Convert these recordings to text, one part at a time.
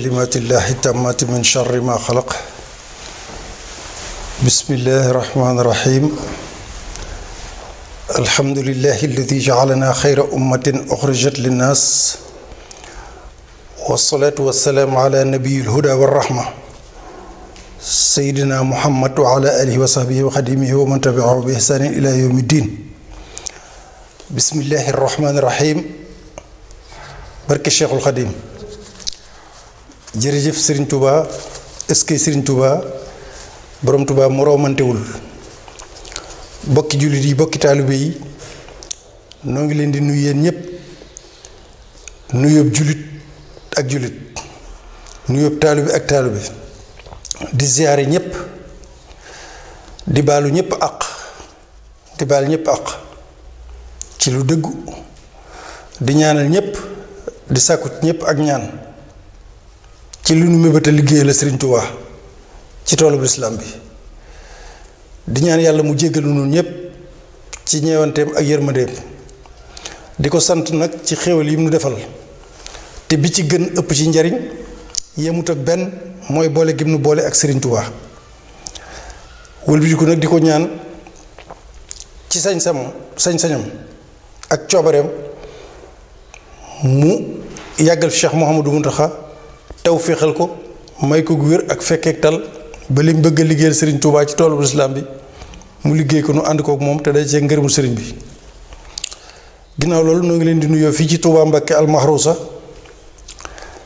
كلمات الله التامات من شر ما خلق بسم الله الرحمن الرحيم الحمد لله الذي جعلنا خير أمة أخرجت للناس والصلاة والسلام على نبي الهدى والرحمة سيدنا محمد وعلى آله وصحبه وخديمه ومن تبعه بإحسان إلى يوم الدين بسم الله الرحمن الرحيم بركة الشيخ الخديم jërëjëf Serigne Touba est-ce que Touba borom tubaa moroomantewul bokki jullit yi bokki taalibe yi noo ngi leen di nuyu yéen ñëpp nuyoob jullit ak jullit nuyoob taalibe ak taalibe di ziyaare ñëpp di baalu ñëpp àq di baal ñëpp àq ci lu dëggu di ñaanal ñëpp di sàkku ñëpp ak ñaan. ci li nu mébéta liggéey la Serigne ci toolu lislaam bi di ñaan yàlla mu jéggalu nun ñëpp ci ñeewanteem ak yërmandeem di ko sant nag ci xéewal yi mu defal te bi ci gën ëpp ci njariñ yemut ak benn mooy boole gim nu boole ak Serigne Touba wëlbatiku nag di ko ñaan ci sañ sañsañam ak coobareem mu yàggal fi Cheikh mu Mountakha tew féexal ko may ko wér ak fekkeek tal ba lim bëgg a liggéeyal sëriñ Touba ci toolu lislaam bi mu liggéey ko nu ànd kook moom te day cee ngërëmu sëriñ bi ginnaaw loolu noo ngi leen di nuyoo fii ci Touba Mbacké Al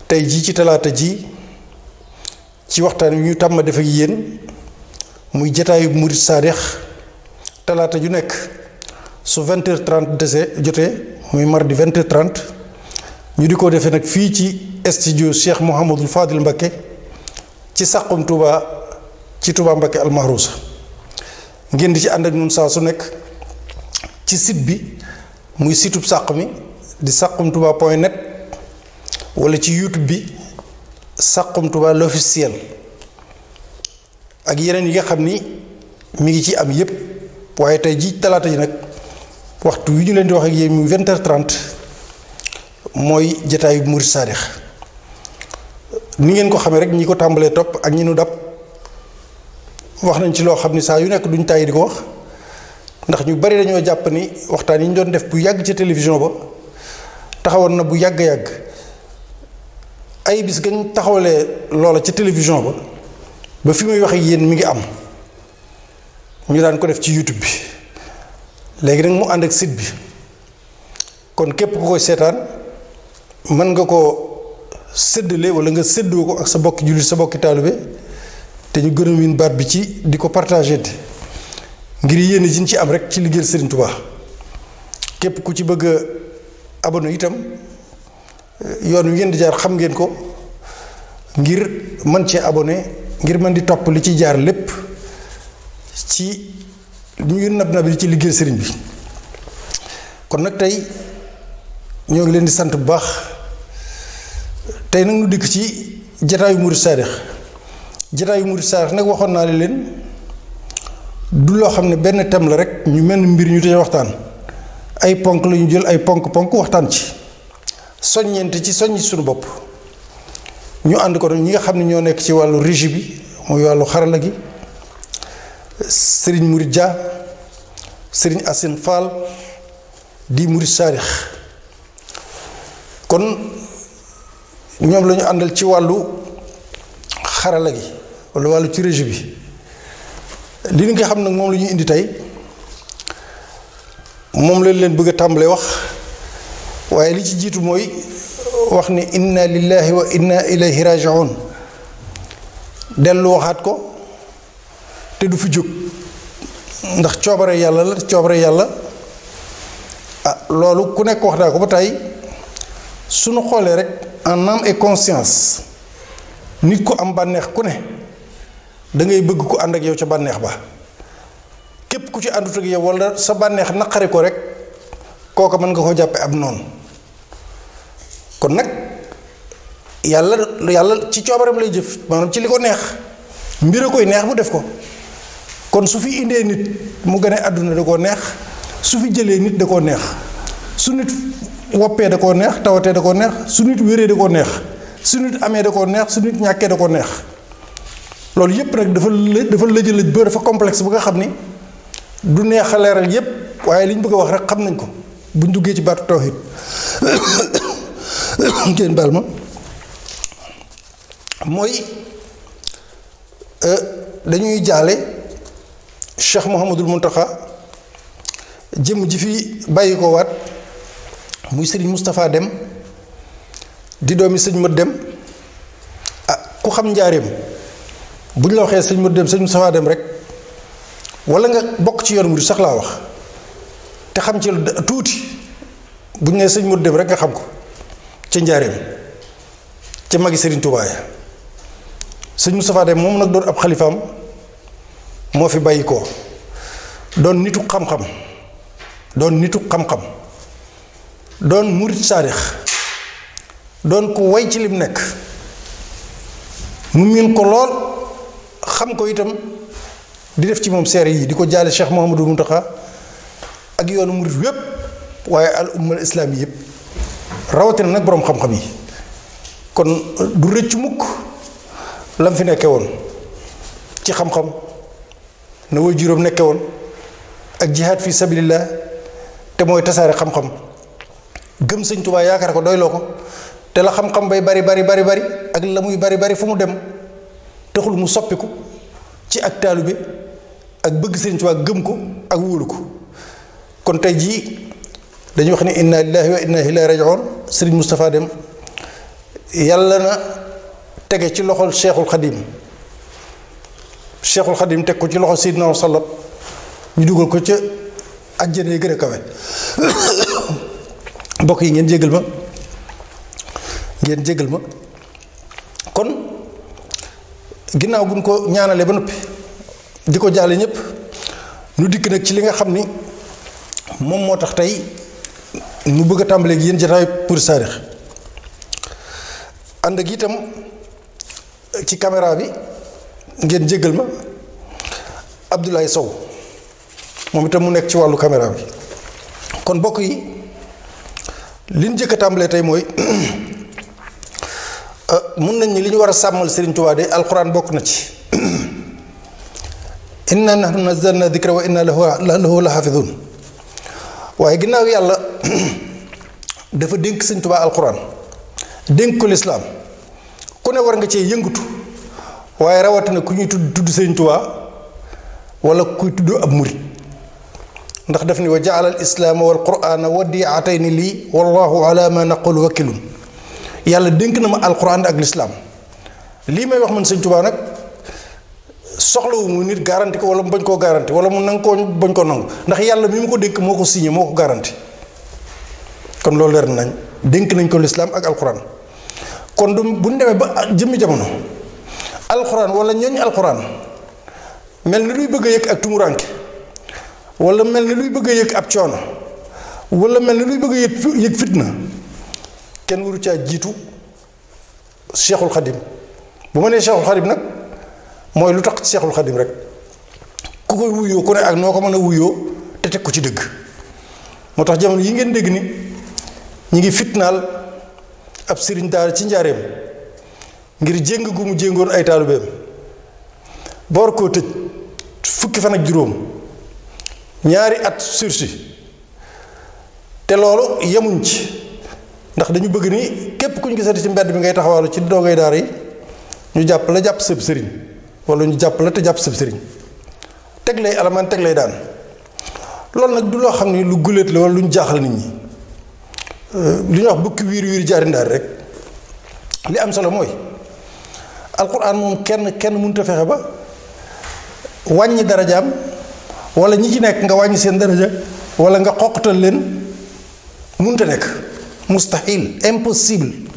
tey jii ci talaata ji ci waxtaan wi ñu tàmm def yéen muy jataayu murit saadix talaata ju nekk su vingt heures dese jotee muy mardi vingt heures ñu di ko defee nag fii ci studio Cheikh Mouhamadul Fadil Mbakke ci Saxum Touba ci Touba Mbakke almahrusa ngeen di ci ànd ak ñun saa su nekk ci sit bi muy situb sàq mi di Saxum Touba point net wala ci YouTube bi Saxum Touba l'officiel ak yeneen yi nga xam ni mi ngi ci am yépp waaye tey ji talaata ji nag waxtu wi ñu leen di wax ak yéen mu 20 h mooy jataayu Murid Saadix ni ngeen ko xamee rek ñi ko tàmbalee topp ak ñi nu dab wax nañ ci loo xam ni saa yu nekk duñ tàyyi di ko wax ndax ñu bari dañoo jàpp ni waxtaan yi ñu doon def bu yàgg ci télévision ba taxawoon na bu yàgg yàgg ay bis gañ taxawalee loola ci télévision ba ba fi muy wax ak yéen mi ngi am ñu daan ko def ci YouTube bi léegi nag mu ànd ak site bi kon képp ku koy seetaan mën nga ko séddale wala nga séddoo ko ak sa bokki jullit sa bokki taalibe te ñu gën a win baat bi ci di ko partagé te ngir yéene jiñ ci am rek ci liggéey Serigne Touba képp ku ci bëgg a itam euh, yoon wi ngeen di jaar xam ngeen ko ngir man cee abone ngir mën di topp li ci jaar lépp ci li ñu nab nab ci liggéey Serigne bi kon nag tey ñoo ngi leen di sant bu baax. tey nag mu dikk ci jataayu murid saadix jataayu murid saadix nag waxoon naa leen du loo xam ne benn thème la rek ñu mel mbir ñu tey waxtaan ay ponk lañu jël ay ponk-ponk waxtaan ci soññeente ci soññ suñu bopp ñu ànd ko ñi nga xam ne ñoo nekk ci wàllu régie bi muy wàllu xarala gi sëriñ murid Dia sëriñ Assane Fall di murid saadix kon ñoom lañu àndal ci wàllu xarala gi wala wàllu ci régie bi li nga xam nag moom la indi tey moom lañ leen bëgg a tàmbalee wax waaye li ci jiitu mooy wax ni inna lillahi wa inna ilayhi rajiun dellu waxaat ko te du fi jóg ndax coobare yàlla la coobare yàlla ah loolu ku nekk wax naa ko ba tey su nu xoolee rek en âme et conscience nit ku am bànneex ku ne da ngay bëgg ku ànd ak yow ca bànneex ba képp ku ci àndut ak yow wala sa bànneex naqari ko rek kooka mën nga ko jàppe ab noonu kon nag yàlla yàlla ci coobaram lay jëf maanaam ci li ko neex mbir a koy neex bu def ko kon su fi indee nit mu gën a àdduna da koo neex su fi jëlee nit da koo neex su nit woppee da koo neex tawatee da koo neex su nit wéree da koo neex su nit amee da koo neex su nit ñàkkee da koo neex loolu yépp nag dafa lë dafa lëjëlëj ba dafa complexe bu nga xam ni du neex a leeral yépp waaye li ñu bëgg a wax rek xam nañ ko buñ duggee ci baatu tawhid ngeen baal ma mooy euh, dañuy jaale Cheikh mun taxa jëm ji fi bàyyi ko waat muy sëriñ mustafaa Dem di doomi sëñ Mat Dem a ku xam njaareem bu ñu la waxee sëñ Mat Dem sëñ Moustapha Dem rek wala nga bokk ci yoon wi sax laa wax te xam ci tuuti bu ñu nee sëñ Mat Dem rek nga xam ko ca njaareem ca magi sëriñ Tuubaa ya sëñ Dem moom nag doon ab xalifaam moo fi bàyyi ko doon nitu xam-xam doon nitu xam-xam doon murit saadix doon ko way ci lim nekk mu miin ko lool xam ko itam di def ci moom seere yi di ko jaale Cheikh Mouhamadou Mountakha ak yoonu murit wépp waaye al ummal islaam yëpp rawatina nag boroom xam-xam yi kon du rëcc mukk lam fi nekke woon ci xam-xam na way juróom nekke woon ak jihaad fi sabilillah te mooy tasaare xam-xam gëm sëñ Tuubaa yaakaar ko doyloo ko te la xam-xam bay bari bari bari bari ak la muy bari bari fu mu dem taxul mu soppiku ci ak taalibe ak bëgg sëñ Tuubaa gëm ko ak wóolu ko kon tey jii dañuy wax ne inna lillahi wa inna ilayhi raji'un sëriñ Moustapha Dem yàlla na tege ci loxol Cheikhul Khadim Cheikhul Khadim teg ko ci loxo Seydina sallam ñu dugal ko ca àjjana yi gën a kawe mbokk yi ngeen jégal ma ngeen jégal ma kon ginnaaw buñ ko ñaanalee ba noppi di ko jaale ñëpp nu dikk nag ci li nga xam ni moom moo tax tey nu bëgg a tàmbaleeg yéen jotaayu Pour Saarix ànd ak itam ci caméra bi ngeen jégal ma Abdoulaye Sow moom itam mu nekk ci wàllu caméra bi kon mbokk yi. li ñu njëkk a tàmbalee tey mooy euh, mun nañ ni li ñu war a sàmmal Sëriñ Tuubaa de alxuraan bokk na ci inna nahnu nazzalna dikra wa inna lahu la xaafidun waaye ginnaaw yàlla dafa dénk Sëriñ Tuubaa alxuraan dénk ko lislaam ku ne war nga cee yëngatu waaye rawatina ku ñuy tudd tudd Sëriñ Tuubaa wala kuy tudd ab murit ndax def ni wa jaala al islaama wal quraana wa diatayni lii wallahu ala ma naqul wakilun yàlla dénk na ma alquran ak lislaam lii may wax man sëñ Tuubaa nag soxlawu mu nit garanti ko wala mu bañ koo garanti wala mu nang koo bañ koo nangu ndax yàlla mi mu ko dénk moo ko signé moo ko garanti kon loolu leer nañ dénk nañ ko lislaam ak alquran kon du bu ñu demee ba jëmmi jamono alquran wala ñooñu alquran mel ni luy bëgg a yëg ak tumuranke wala mel ni luy bëgg a yëg ab coono wala mel ni luy bëgg a yëg fitna kenn waru caa jiitu Cheikhul Khadim bu ma nee Cheikhul Khadim nag mooy lu tax Cheikhul Khadim rek ku koy wuyoo ku ne ak noo ko mën a wuyoo te teg ko ci dëgg moo tax jamono yi ngeen dégg ni ñu ngi fitnaal ab sëriñ daara ci njaareem ngir jéng gu mu jéngoon ay taalubeem boor koo tëj fukki fan ak juróom ñaari at sursis te loolu yemuñ ci ndax dañu bëgg nii képp kuñ ñu gisati ci mbedd bi ngay taxawaalu ci doogay daara yi ñu jàpp la jàpp sëb sëriñ wala ñu jàpp la te jàpp sëb sëriñ teg lay alamaan teg lay daan loolu nag du loo xam ne lu guléet la wala lu ñu jaaxal nit ñi euh, lu ñuy wax bukki wiir wiir jaari ndaar rek li am solo mooy alquran moom kenn kenn mënut fexe ba wàññi darajaam wala ñi ci nekk nga wàññi seen daraja wala nga xoqatal leen munta nekk mustahil impossible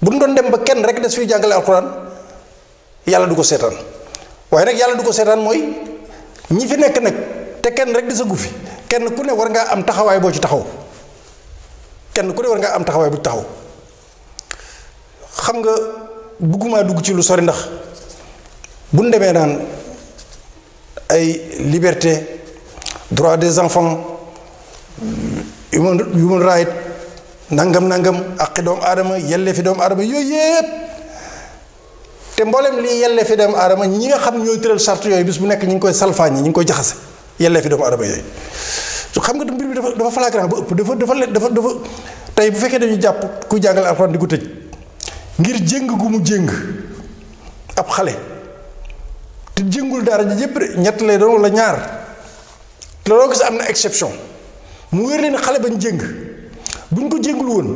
bu ñu doon dem ba kenn rek des fiy jàngale alquran yàlla du ko seetaan waaye nag yàlla du ko seetaan mooy ñi fi nekk nag te kenn rek desagu fi kenn ku ne war ngaa am taxawaay boo ci taxaw kenn ku ne war ngaa am taxawaay bu ci taxaw xam nga bëgguma dugg ci lu sori ndax bu ñu demee naan ay liberté droit des enfants human human right nangam nangam aqi doomu adama yelle fi doomu aadama yooyu yëpp te mboolem lii yelle fi doomu aadama ñi nga xam ñooy tëral sart yooyu bis bu nekk ñu ngi koy salfaañi ñu ngi koy jaxase yelle fi doomu aadama yooyu xam nga mbir bi dafa dafa flagrant ba ëpp dafa dafa dafa dafa tey bu fekkee dañu jàpp ku jàngale alxuraan di ko tëj ngir jéng gu mu jéng ab xale te jëngul daara ji yëpp de ñett lay doon wala ñaar te loo gis am na exception mu wér leen xale bañ jëng buñ ko jëngul woon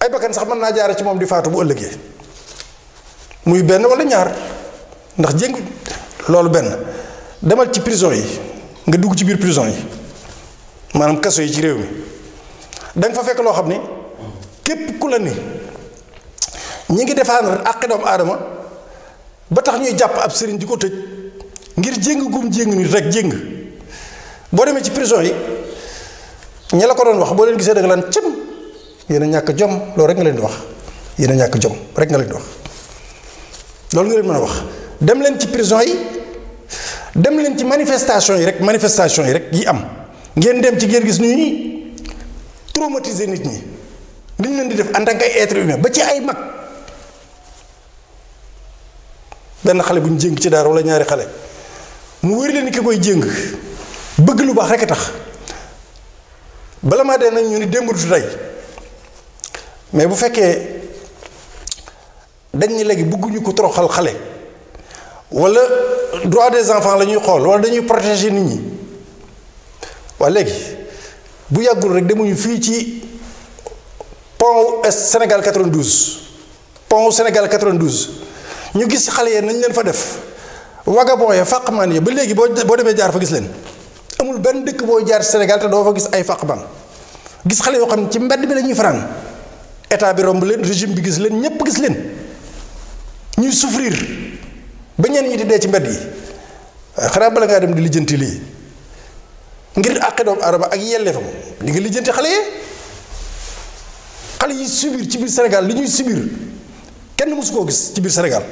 ay bakkan sax mën naa jaare ci moom di faatu bu ëllëgee muy benn wala ñaar ndax jëngu loolu benn demal ci prison yi nga dugg ci biir prison yi maanaam kaso yi ci réew mi da nga fa fekk loo xam ne képp ku la ni ñu ngi défendre àqi doomu aadama ba tax ñuy jàpp ab sëriñ di ko tëj ngir jéng gum jéng nit rek jéng boo demee ci prison yi ña la ko doon wax boo leen gisee da nga laan yéen a ñàkk jom loolu rek nga leen di wax yéen ñàkk jom rek nga leen di wax loolu nga leen mën a wax dem leen ci prison yi dem leen ci manifestation yi rek manifestation yi rek yi am ngeen dem ci ngeen gis ñuy traumatiser nit ñi li ñu leen di def en tant que ay être humain ba ci ay mag. benn xale bu ñu jéng ci daara wala ñaari xale mu wér leen ki koy jéng bëgg lu baax rek a tax bala maa dee ñu ni démb du tey mais bu fekkee dañ ni léegi bëgguñu ko toroxal xale wala droit des enfants la ñuy xool wala dañuy protéger nit ñi waa léegi bu yàggul rek demuñu fii ci pont Sénégal 92 pont Sénégal 92. ñu gis xale yee nañ leen fa def vagabond ya fàqmaan yi ba léegi boo boo demee jaar fa gis leen amul benn dëkk booy jaar Sénégal te doo fa gis ay fàqmaan gis xale yoo xam ne ci mbedd bi lañuy ñuy fanaan état bi romb leen régime bi gis leen ñépp gis leen ñuy souffrir ba ñenn ñi di dee ci mbedd yi waaye xanaa bala lijjanti lii ngir àqi doomu ak yelleefam li nga lijjanti xale yi xale yi subir ci biir Sénégal li ñuy subir kenn mësu koo gis ci biir Sénégal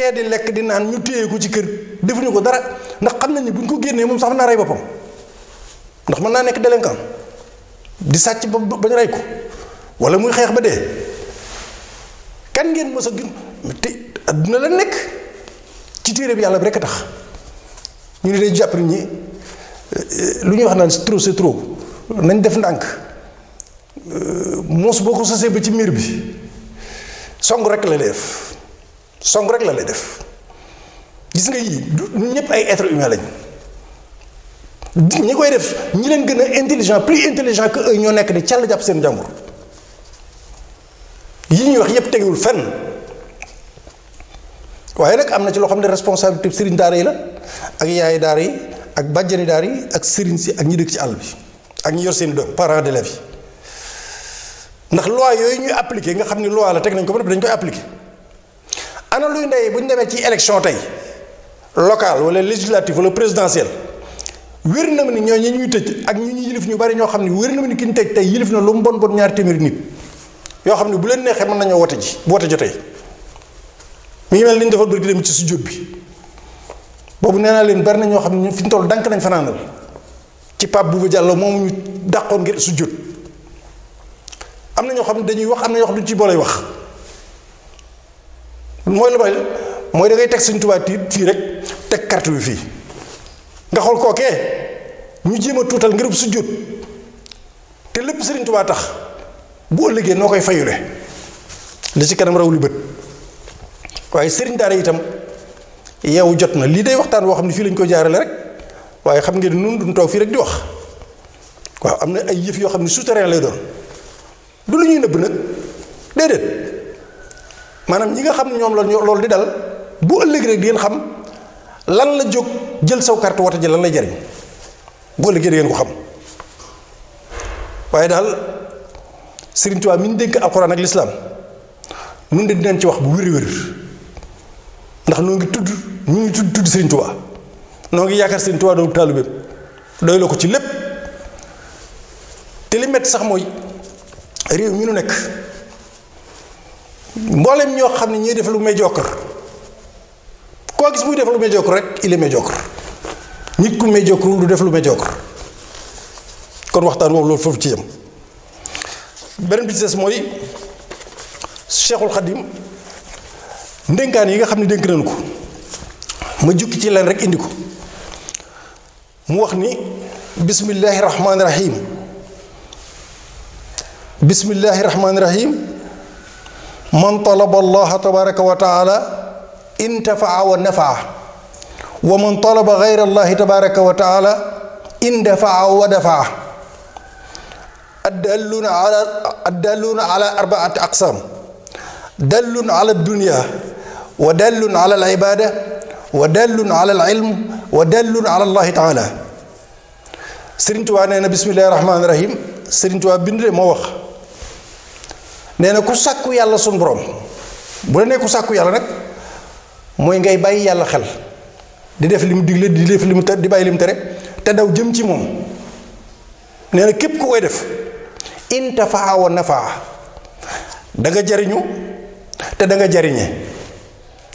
kee di lekk di naan ñu téye ko ci kër defuñu ko dara ndax xam nañ ni buñ ko génnee moom sax naa rey boppam ndax mën naa nekk délinquant di sàcc ba ba ñu rey ko wala muy xeex ba dee kan ngeen mos a gin te adduna la nekk ci téere bi yàlla rek a tax ñu ne day jàpp ñi euh, lu ñuy wax naan c'est trop c'est trop nañ def ndànk euh, mos boo ko sosee ba ci miir bi song rek la def. song rek la lay def gis nga yii ñun ñëpp ay être humain lañ ñu koy def ñu leen gën a intelligent plus intelligent que ñoo nekk di càll jàpp seen jàmbur yi ñuy wax yépp tegewul fen waaye nag am na ci loo xam ne responsabilité sëriñ daar yi la ak yaay daara yi ak bàjjani daara yi ak sëriñ si ak ñi dëkk ci àll bi ak ñu yor seen doom parents d'élèves yi ndax loi yooyu ñuy appliqué nga xam ne loi la teg nañ ko ba dañ koy appliqué. ana luy ndey bu ñu demee ci élection tey locale wala législative wala présidentielle wér na ma ni ñoo ñi ñuy tëj ak ñi ñuy yilif ñu bari ñoo xam ne wér na ma ni ki ñu tëj tey yilif na lu mu bon bon nit yoo xam ne bu leen neexee mën nañoo wote ji bu jotee mi ngi mel ni ñu defal bëri dem ci studio bi boobu nee naa leen bari na ñoo xam ne ñu fi ñu toll dànk nañ fanaanal ci Pape Bouba Diallo moom ñu dàqoon ngir studio am na ñoo xam ne dañuy wax am na ñoo xam ne duñ ci boolay wax. mooy lu mooy dangay teg Sëñ Tuubaa tiit fii rek teg carte wi fii nga xool kookee ñu jéem a tuutal ngirub sujjóot te lépp Sëriñ Tuubaa tax bu ëllëgee noo koy fayule li ci kanam raw li bët waaye sëriñ daara itam yeewu jot na lii day waxtaan woo xam ne fii lañ koy jaarale rek waaye xam ngeen nun duñ toog fii rek di wax waaw am na ay yëf yoo xam ne souterrain lay doon du lu ñuy nëbb nag déedéet maanaam ñi nga xam ne ñoom la loolu di dal bu ëllëg rek di ngeen xam lan la jóg jël saw carte wote ji lan lay jariñ bu ëllëgee di ngeen ko xam waaye daal Sëriñ Tuubaa mi ñu dénk alxuraan ak lislaam nun de dinañ ci wax bu wér-wér ndax noo ngi tudd ñu ngi tudd tudd Sëriñ Tuubaa noo ngi yaakaar Sëriñ Tuubaa doon taalibeem doy la ko ci lépp te li metti sax mooy réew mi nu nekk mboolem ñoo xam ne ñuy def lu médiocre koo gis muy def lu médiocre rek il est médiocre nit ku médiocre du def lu médiocre kon waxtaan moom loolu foofu ci yem beneen bi mooy Cheikhul Khadim ndénkaan yi nga xam ne dénk nañu ko ma jukki ci leen rek indi ko mu wax ni bismillahi rahmaani rahim bismillahi rahmaani rahim man talaba allaha tabaraka wa taala intafaa wa nafaa wa man talaba gayra allahi tabaraka wa taala indafaa wa dafaa addalluna ala addalluna ala arbaati aqsam dallun ala dunya wa dallun ala al ibada wa dallun ala al ilm wa dallun ala allahi taala Sëriñ Tuubaa nee na bismillahi rahmaani rahim Sëriñ Tuubaa bind moo wax nee na ku sàkku yàlla suñ boroom bu la nee ku sàkku yàlla nag mooy ngay bàyyi yàlla xel di def li mu digle di def li mu te di bàyyi li mu tere te daw jëm ci moom nee na képp ku koy def intafaa wa nafaa da nga jariñu te danga nga jariñe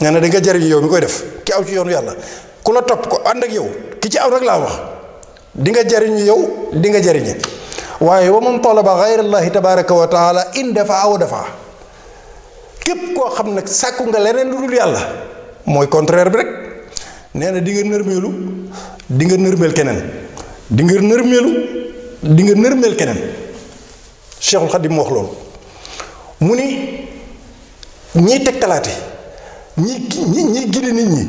nee na da nga jariñu yow mi koy def ki aw ci yoonu yàlla ku la topp ko ànd ak yow ki ci aw rek laa wax di nga jariñu yow dinga nga jariñe waaye wa man talaba gayra llahi tabaraka wa taala in dafa aw dafa képp koo xam nag sàkku nga leneen lu dul yàlla mooy contraire bi rek nee na di nga nërmeelu di nga nërmeel keneen di nga nërmeelu di nga nërmeel keneen Cheikhul Xadim wax loolu mu ni teg tegtalaate ñi ñi ñi gide nit ñi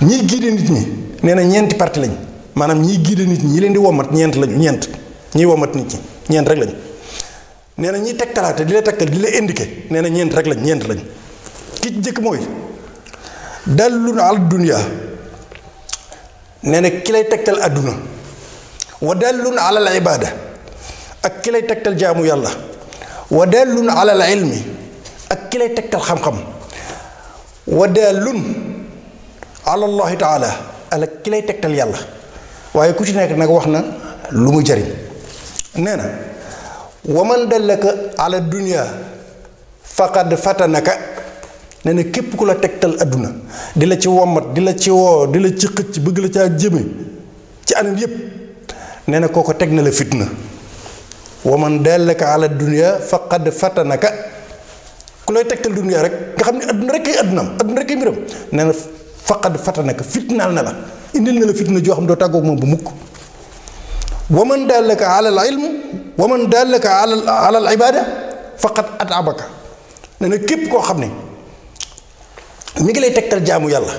ñiy gide nit ñi nee na ñeenti parti lañ maanaam ñiy gide nit ñi leen di womat ñeent lañu ñeent ñiy womat nit ñi ñeent rek lañ nee na ñiy tegtalaate di la tegtal di la indiqué nee na ñeent rek lañ ñeent lañ ki ci njëkk mooy dallun al dunya nee na ki lay tegtal àdduna wa dallun ala al ibada ak ki lay tegtal jaamu yàlla wa dallun ala al ilmi ak ki tegtal xam-xam wa dallun ala ala ki lay tegtal yàlla waaye ku ci nekk nag wax na lu mu jariñ nee na wa man dallaka ala dunya faqad fatanaka nee na képp ku la tegtal adduna di la ci wommat di la ci woo di la ci xëcc bëgg la caa jëme ci anam yépp nee na kooko teg nela la fitna wa man dallaka ala dunya faqad fatanaka ku lay tegtal dunya rek nga xam ne adduna rek kay addunaam adduna rek kay mbiram nee na faqad fatanaka fitnaal na la indi na la fitna joo xam doo tàggoog moom bu mukk wa man dallaka ala al ilm wa man dallaka ala ala al ibada faqad at'abaka nee na képp koo xam ne mi ngi lay tegtal jaamu yàlla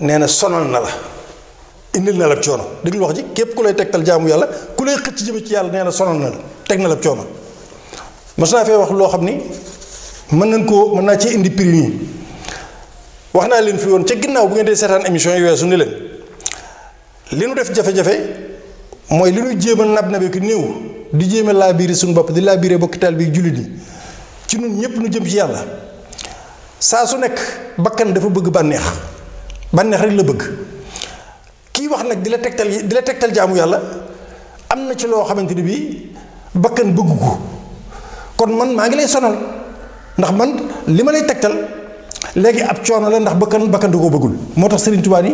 nee na sonal na la indil na la coono déglu wax ji képp ku lay tegtal jaamu yàlla ku lay xëcc jëme ci yàlla nee na sonal na la teg na la coono mas naa fee wax loo xam ni mën nañ koo mën naa cee indi prix nii wax naa leen fi woon ca ginnaaw bu ngeen dee seetaan émission yi su ni leen li nu def jafe-jafe mooy li ñuy jéem a nab nabe ko néew di jéem laa biir suñu bopp di laa bokki taal bi jullit yi ci ñun ñëpp ñu jëm ci yàlla saa su nekk bakkan dafa bëgg bànneex bànneex rek la bëgg kii wax nag di la tegtal di la tegtal jaamu yàlla am na ci loo xamante ni bii bakkan bëgg ko kon man maa ngi lay sonal ndax man li ma lay tegtal léegi ab coono la ndax bakkan bakkan da koo bëggul moo tax Sëriñ Tuubaa ni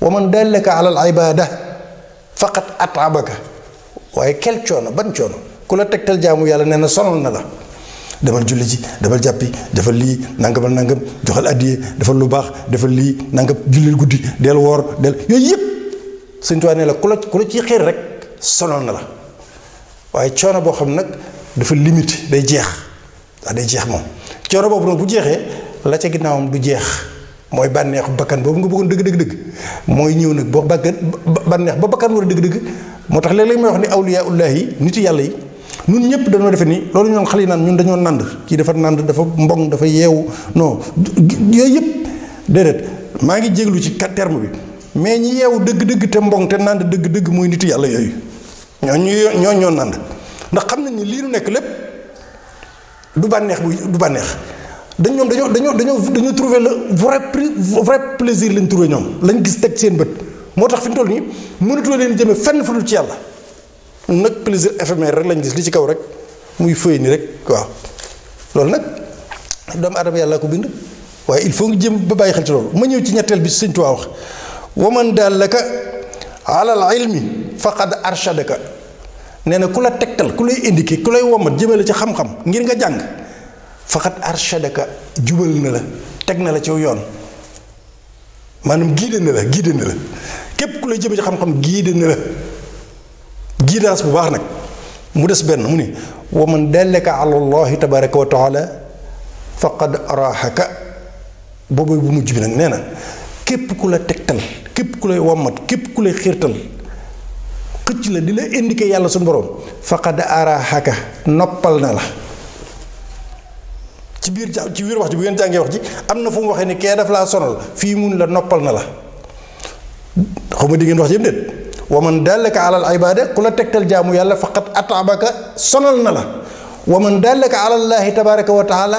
wa man dallaka alal ibaada faqat at'abaka waaye kel coono ban coono ku la tegtal jaamu yàlla nee na sonal na la demal julli ji demal jàppi defal lii nangamal nangam joxal addiye defal lu baax defal lii nangam jullil guddi del woor del yooyu yëpp suñ Tuubaa nee la ku la ku la ciy xëy rek sonal na la waaye coono boo xam nag dafa limite day jeex ndax day jeex moom coono boobu nag bu jeexee la ca ginnaawam du jeex mooy bànneexu bakkan boobu nga bëggoon dëgg dëgg dëgg mooy ñëw nag boo bàggan bànneex ba bakkan war a dëgg dëgg moo tax léeg-léeg may wax ni awliyaa ullahi yi nit yàlla yi ñun ñëpp dañoo defe nii loolu ñoom xale yi naan ñun dañoo nànd kii dafa nànd dafa mboŋ dafa yeewu non yooyu yëpp déedéet maa ngi jéglu ci kat bi mais ñi dëgg-dëgg te mboŋ te nànd dëgg-dëgg mooy nitu yàlla yooyu ñoo ñu ñoo ñoo ndax xam nañ ni lii nu nekk lépp du bànneex bu du bànneex dañ ñoom dañoo dañoo dañoo dañoo trouver le vrai vrai plaisir lañ trouver ñoom lañ gis teg seen bët moo tax fi ñu toll nii mënatoo leen jëmee fenn fu dul ci yàlla nag plaisir éphémère rek lañ gis li ci kaw rek muy fëy nii rek waaw loolu nag doomu aadama yàlla ko bind waaye il faut nga jëm ba bàyyi xel ci loolu ma ñëw ci ñetteel bi sëñ Tuubaa wax waman dallaka alal ilmi faqad arshadaka nee na ku la tegtal ku lay indiqué ku lay jëme la ci xam-xam ngir nga jàng fakat arshadaka jubal na la teg na la ci yoon maanaam giide na la giide na la képp ku lay jëme ci xam-xam giide na la guidance bu baax nag mu des benn mu ni wa man dallaka ala llahi tabaraka wa taala faqad arahaka boobu bu mujj bi nag nee na képp ku la tegtal képp ku lay wommat képp ku lay xiirtal xëcc la di la indiqué yàlla suñu borom faqad arahaka noppal na la ci biir ca ci biir wax ji bu ngeen jàngee wax ji am na fu mu waxee ne kee daf laa sonal fii mun la noppal na la xaw ma di ngeen wax jëm déet wa man dallaka alal ibaada ku la tegtal jaamu yàlla faqat sonal na la wa man dallaka alallaahi tabaraka wa taala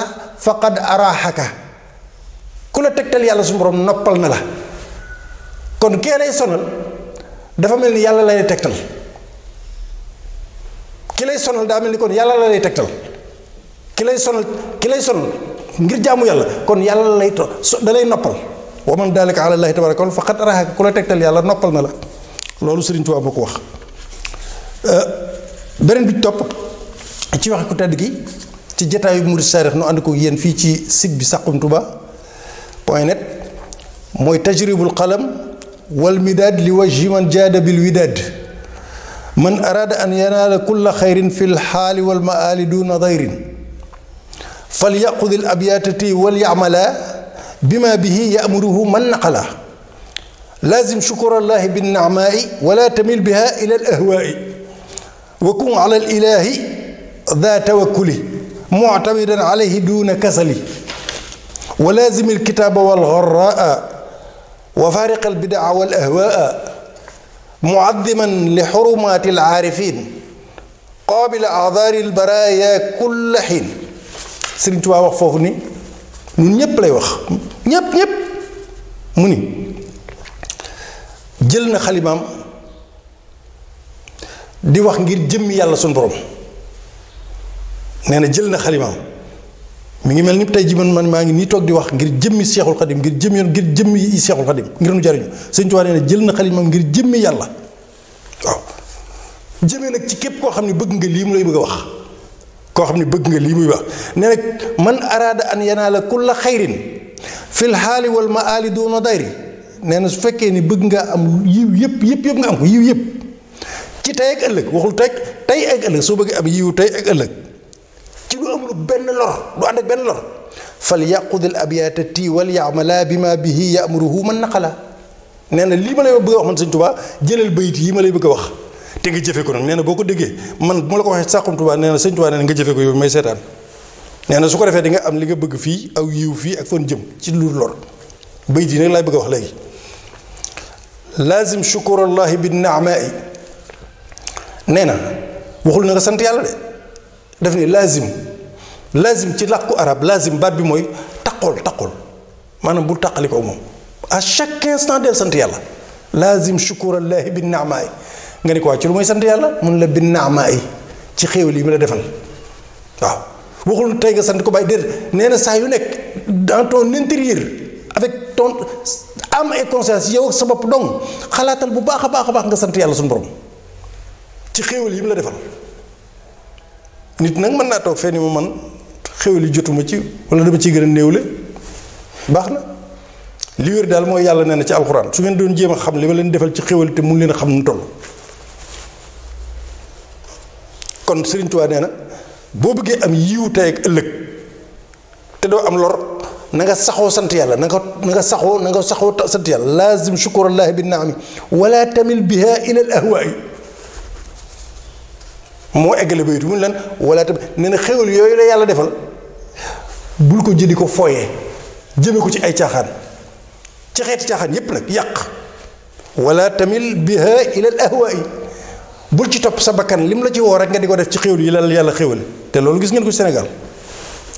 ku la tegtal yàlla su borom noppal na la kon kee lay sonal dafa mel ni yàlla lay tegtal ki lay sonal daa mel ni kon yàlla la lay tegtal ki lay sonal ki lay sonal ngir jaamu yàlla kon yàlla lay to da lay noppal wa man daalika ala llaahi tabaaraka wa la tegtal yàlla noppal na la loolu Sëriñ Tuubaa moo ko wax euh, beneen bi topp ci wax ku tedd gi ci jataayu Murid Saarix nu ànd ko yéen fii ci site bi Saxum Touba point net mooy tajribul qalam wal midaad li wajhi man jaada bil widaad man araada an yanaala kulla xayrin fi l xaali wal maali fal yaqudi l abyaatati wal yamala bima bihi yamuruhu man naqala lazim shukurallahi binnaamaai wala tamil biha ila al ahwaai wa kun ala al ilahi daa tawakkuli muctamidan alayhi duna kasali wa lazim alkitaaba walgarraa wa fariq albidaca wal ahwaa mucadiman li xurumaati alcaarifin qaabila acdaari albaraya kulla xiin Sëriñ Tuubaa wax foofu ni ñun ñépp lay wax ñépp ñépp mu ni jël na xalimaam di wax ngir jëmmi yàlla suñu borom nee na jël na xalimaam mu ngi mel ni tey ji man man maa ngi nii toog di wax ngir jëmmi seexul xadim ngir jëmmi ngir jëmmi yi seexul xadim ngir nu jariñu Sëriñ Tuubaa nee na jël na xalimaam ngir jëmmi yàlla waaw jëmee nag ci képp koo xam ne bëgg nga lii mu lay bëgg wax koo xam ni bëgg nga lii muy wax ne nag man araada an yanaala kulla xayrin fil xaali wal ma maali doona dayri nee na su fekkee ni bëgg nga am yiw yëpp yëpp yëpp nga am ko yiw yëpp ci tey ak ëllëg waxul tey tey ak ëllëg soo bëggee am yiw tey ak ëllëg ci lu amul benn lor du ànd ak benn lor fal yaqudil abyaata tii wal yaamala bi ma bihi yaamuruhu man naqala nee na lii ma lay bëgg a wax man sëñ Tuubaa jëlal bayit yi ma lay bëgg a wax te nga jëfe ko nag nee na boo ko déggee man bu ma la ko waxee Saxum Touba nee na sëñ na nga jëfe ko yow may seetaan nee na su ko defee di nga am li nga bëgg fii aw yiw fii ak fan jëm ci lu lor bay di nag laa bëgg a wax léegi laazim shukurallahi bi naamaai nee na waxul na nga sant yàlla de daf ne laazim ci làkku arab laazim baat bi mooy taqol taqool maanaam bul tàqali ko moom a chaque instant del sant yàlla laazim shukurallahi bi naamaai nga ni ko waa ci lu may sant yàlla mun la bin naama ay ci xéewal yi mu la defal waaw waxul tey nga sant ko bàyyi déet nee na saa yu nekk dans ton intérieur avec ton âme et conscience yow ak sa bopp dong xalaatal bu baax a baax a baax nga sant yàlla suñu borom ci xéewal yi mu la defal nit nag mën naa toog fee ni man xéewal yi jotuma ci wala dama ciy gën a néewle baax na li wér daal mooy yàlla nee na ci alxuraan su ngeen doon jéem a xam li ma leen defal ci xéewal te mun leen a xam nu toll kon Serigne Touba nee na boo bëggee am yiw tey ak ëllëg te doo am lor nanga nga saxoo sant yàlla na nga na nga saxoo na nga saxoo sant yàlla laazim shukurallahi bi naami wala tamil biha ila al ahwaai wala tamit nee na xéwal yooyu la yàlla defal bul ko jëli ko fooyee jëme ko ci ay caaxaan ci xeeti caaxaan yépp nag yàq wala tamil bi ila al ahwaai bul ci topp sa bakkan li lim la ci woo rek nga di ko def ci xéwal yi la yàlla xéwale te loolu gis ngeen ko Sénégal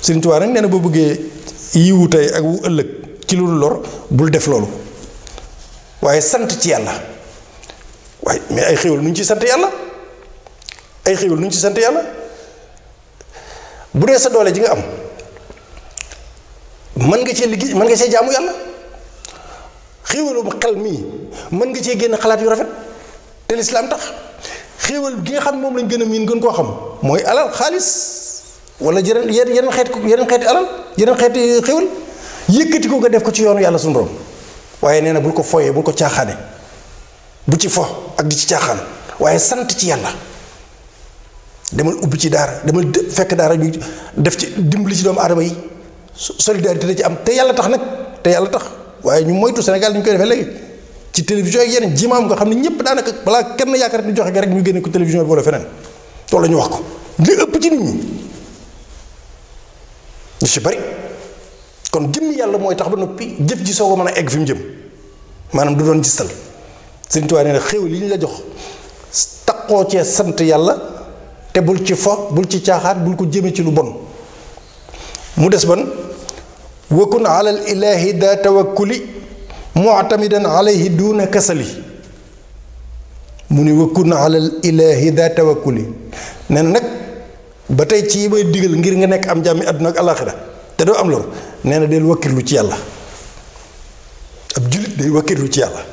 Sëriñ Tuubaa nag nee na boo bëggee yiwu tey ak wu ëllëg ci lu lor bul def loolu waaye sant ci yàlla waaye mais ay xéwal nu ñu ci sant yàlla ay xéwal nu ci sant bu dee sa doole ji nga am mën nga cee liggéey mën nga cee jaamu yàlla xéwalum xel mii mën nga cee génn xalaat yu rafet te lislaam tax xéewal gi nga xam moom lañ gën a miin gën koo xam mooy alal xaalis wala yeneen yeneen ko yeneen xeeti alal yeneen xeeti xéewal yëkkati ko nga def ko ci yoonu yàlla su borom waaye nee na bul ko fooyee bul ko caaxaane bu ci fo ak di ci caaxaan waaye sant ci yàlla demal ubbi ci daara demal fekk daara ñu def ci dimbali ci doomu aadama yi solidarité da ci am te yàlla tax nag te yàlla tax waaye ñu moytu Sénégal ni ñu koy defee léegi. ci télévision ak yeneen jimaam nga xam ne ñëpp daanaka balaa kenn yaakaar ni joxe nga rek ñu génne ko télévision bi wala feneen tool la ñu wax ko li ëpp ci nit ñi ñu si bari kon jëmm yàlla mooy tax ba noppi jëf ji soo ko mën a egg fi mu jëm maanaam du doon gistal Sëriñ Tuubaa nee na li ñu la jox taqoo cee sant yàlla te bul ci fo bul ci caaxaat bul ko jëme ci lu bon mu des ban wakkun alal ilaahi daa tawakkuli muctamidan alayhi duuna kasali mu ni wakkun alal ilahi da tawakkuli ne nag ba tey ci yi digal ngir nga nekk am jàmmi àdduna ak alaxira te doo am lool nee na del wakkirlu ci yàlla ab jullit day wakkirlu ci yàlla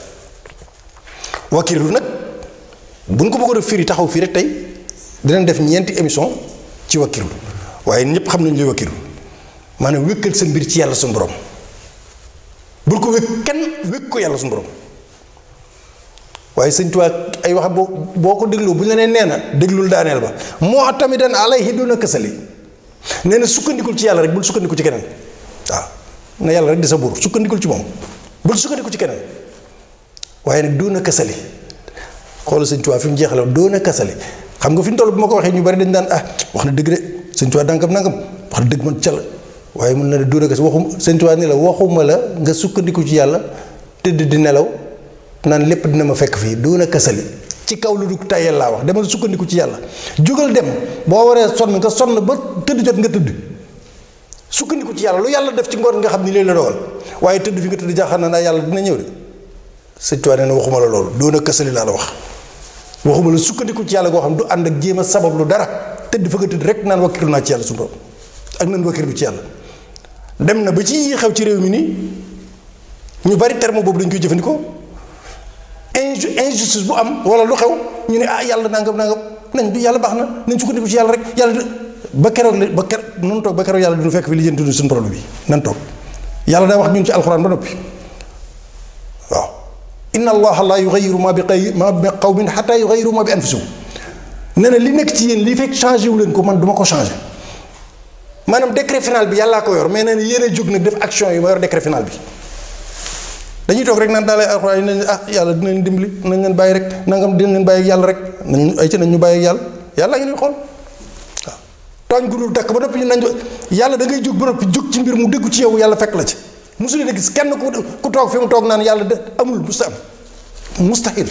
wakkirlu nag buñ ko bëggoon a firi taxaw fii rek tey dinañ def ñeenti émission ci wakkirlu waaye ñëpp xam nañ luy wakkirlu maanaam wékkal sa mbir ci yàlla suñu borom bul ko wékk kenn wékk ko yàlla su borom waaye sëñ ay wax boo boo ko déglu bu ñu nee nee na déglul daaneel ba moo tamit daan alayhi doona kësali nee na sukkandikul ci yàlla rek bul sukkandiku ci keneen na yàlla di sa buur sukkandikul ci moom bul sukkandiku ci keneen waaye nag doona kësali xool sëñ Tuubaa fi mu jeexale doona kësali xam nga fi mu toll bu ma ko waxee ñu bari dañ daan ah wax na dëgg de sëñ Tuubaa dànkam wax na dëgg man cal waaye mun na ne duur a waxum sëñ Tuubaa ni la waxuma la nga sukkandiku ci yàlla tëdd di nelaw naan lépp dina ma fekk fii duuna kasali ci kaw lu dul tayel laa wax demal sukkandiku ci yàlla jógal dem boo waree sonn nga sonn ba tëdd jot nga tëdd sukkandiku ci yàlla lu yàlla def ci ngoon nga xam ni léegi la dogal waaye tëdd fi nga tëdd jaaxal na naa yàlla dina ñëw de sëñ na waxuma la loolu doon a kasali laa la wax waxuma la sukkandiku ci yàlla goo xam ne du ànd ak jéema a sabab lu dara tëdd fa nga tëdd rek naan wakkiru naa ci yàlla su borom ak naan wakkiru ci yàlla dem na ba ci xew ci réew mi nii ñu bari terme boobu dañ koy jëfandikoo inju injustice bu am wala lu xew ñu ne ah yàlla nangam nangam nañ bi yàlla baax na nañ sukkandiku yàlla rek yàlla ba keroog la ba ker nan ba keroog yàlla duñu fekk fi lijjanti duñu suñu problème bi nan toog yàlla daa wax ñu ñun ci alxuraan ba noppi waaw inna allaha la yughayyiru ma bi qawmin hatta yughayyiru ma bi anfusihim nee na li nekk ci yéen li fekk changé wu leen ko man ma ko changé maanaam décret final bi yàllaa ko yor mais nee na yéen a jóg nag def action yi ma yor décret final bi dañuy toog rek naan daalee alxuraan yi nañ ah yàlla dinañ dimbali nañ leen bàyyi rek nangam dinañ leen bàyyi ak yàlla rek nañ ay ci nañ ñu bàyyi yàlla yàlla ngi ñuy xool tooñ gu dul dakk ba noppi nañ yàlla da ngay jóg ba noppi jóg ci mbir mu déggu ci yow yàlla fekk la ci mosu leen a gis kenn ku ku toog fi mu toog naan yàlla de amul musta am mustahil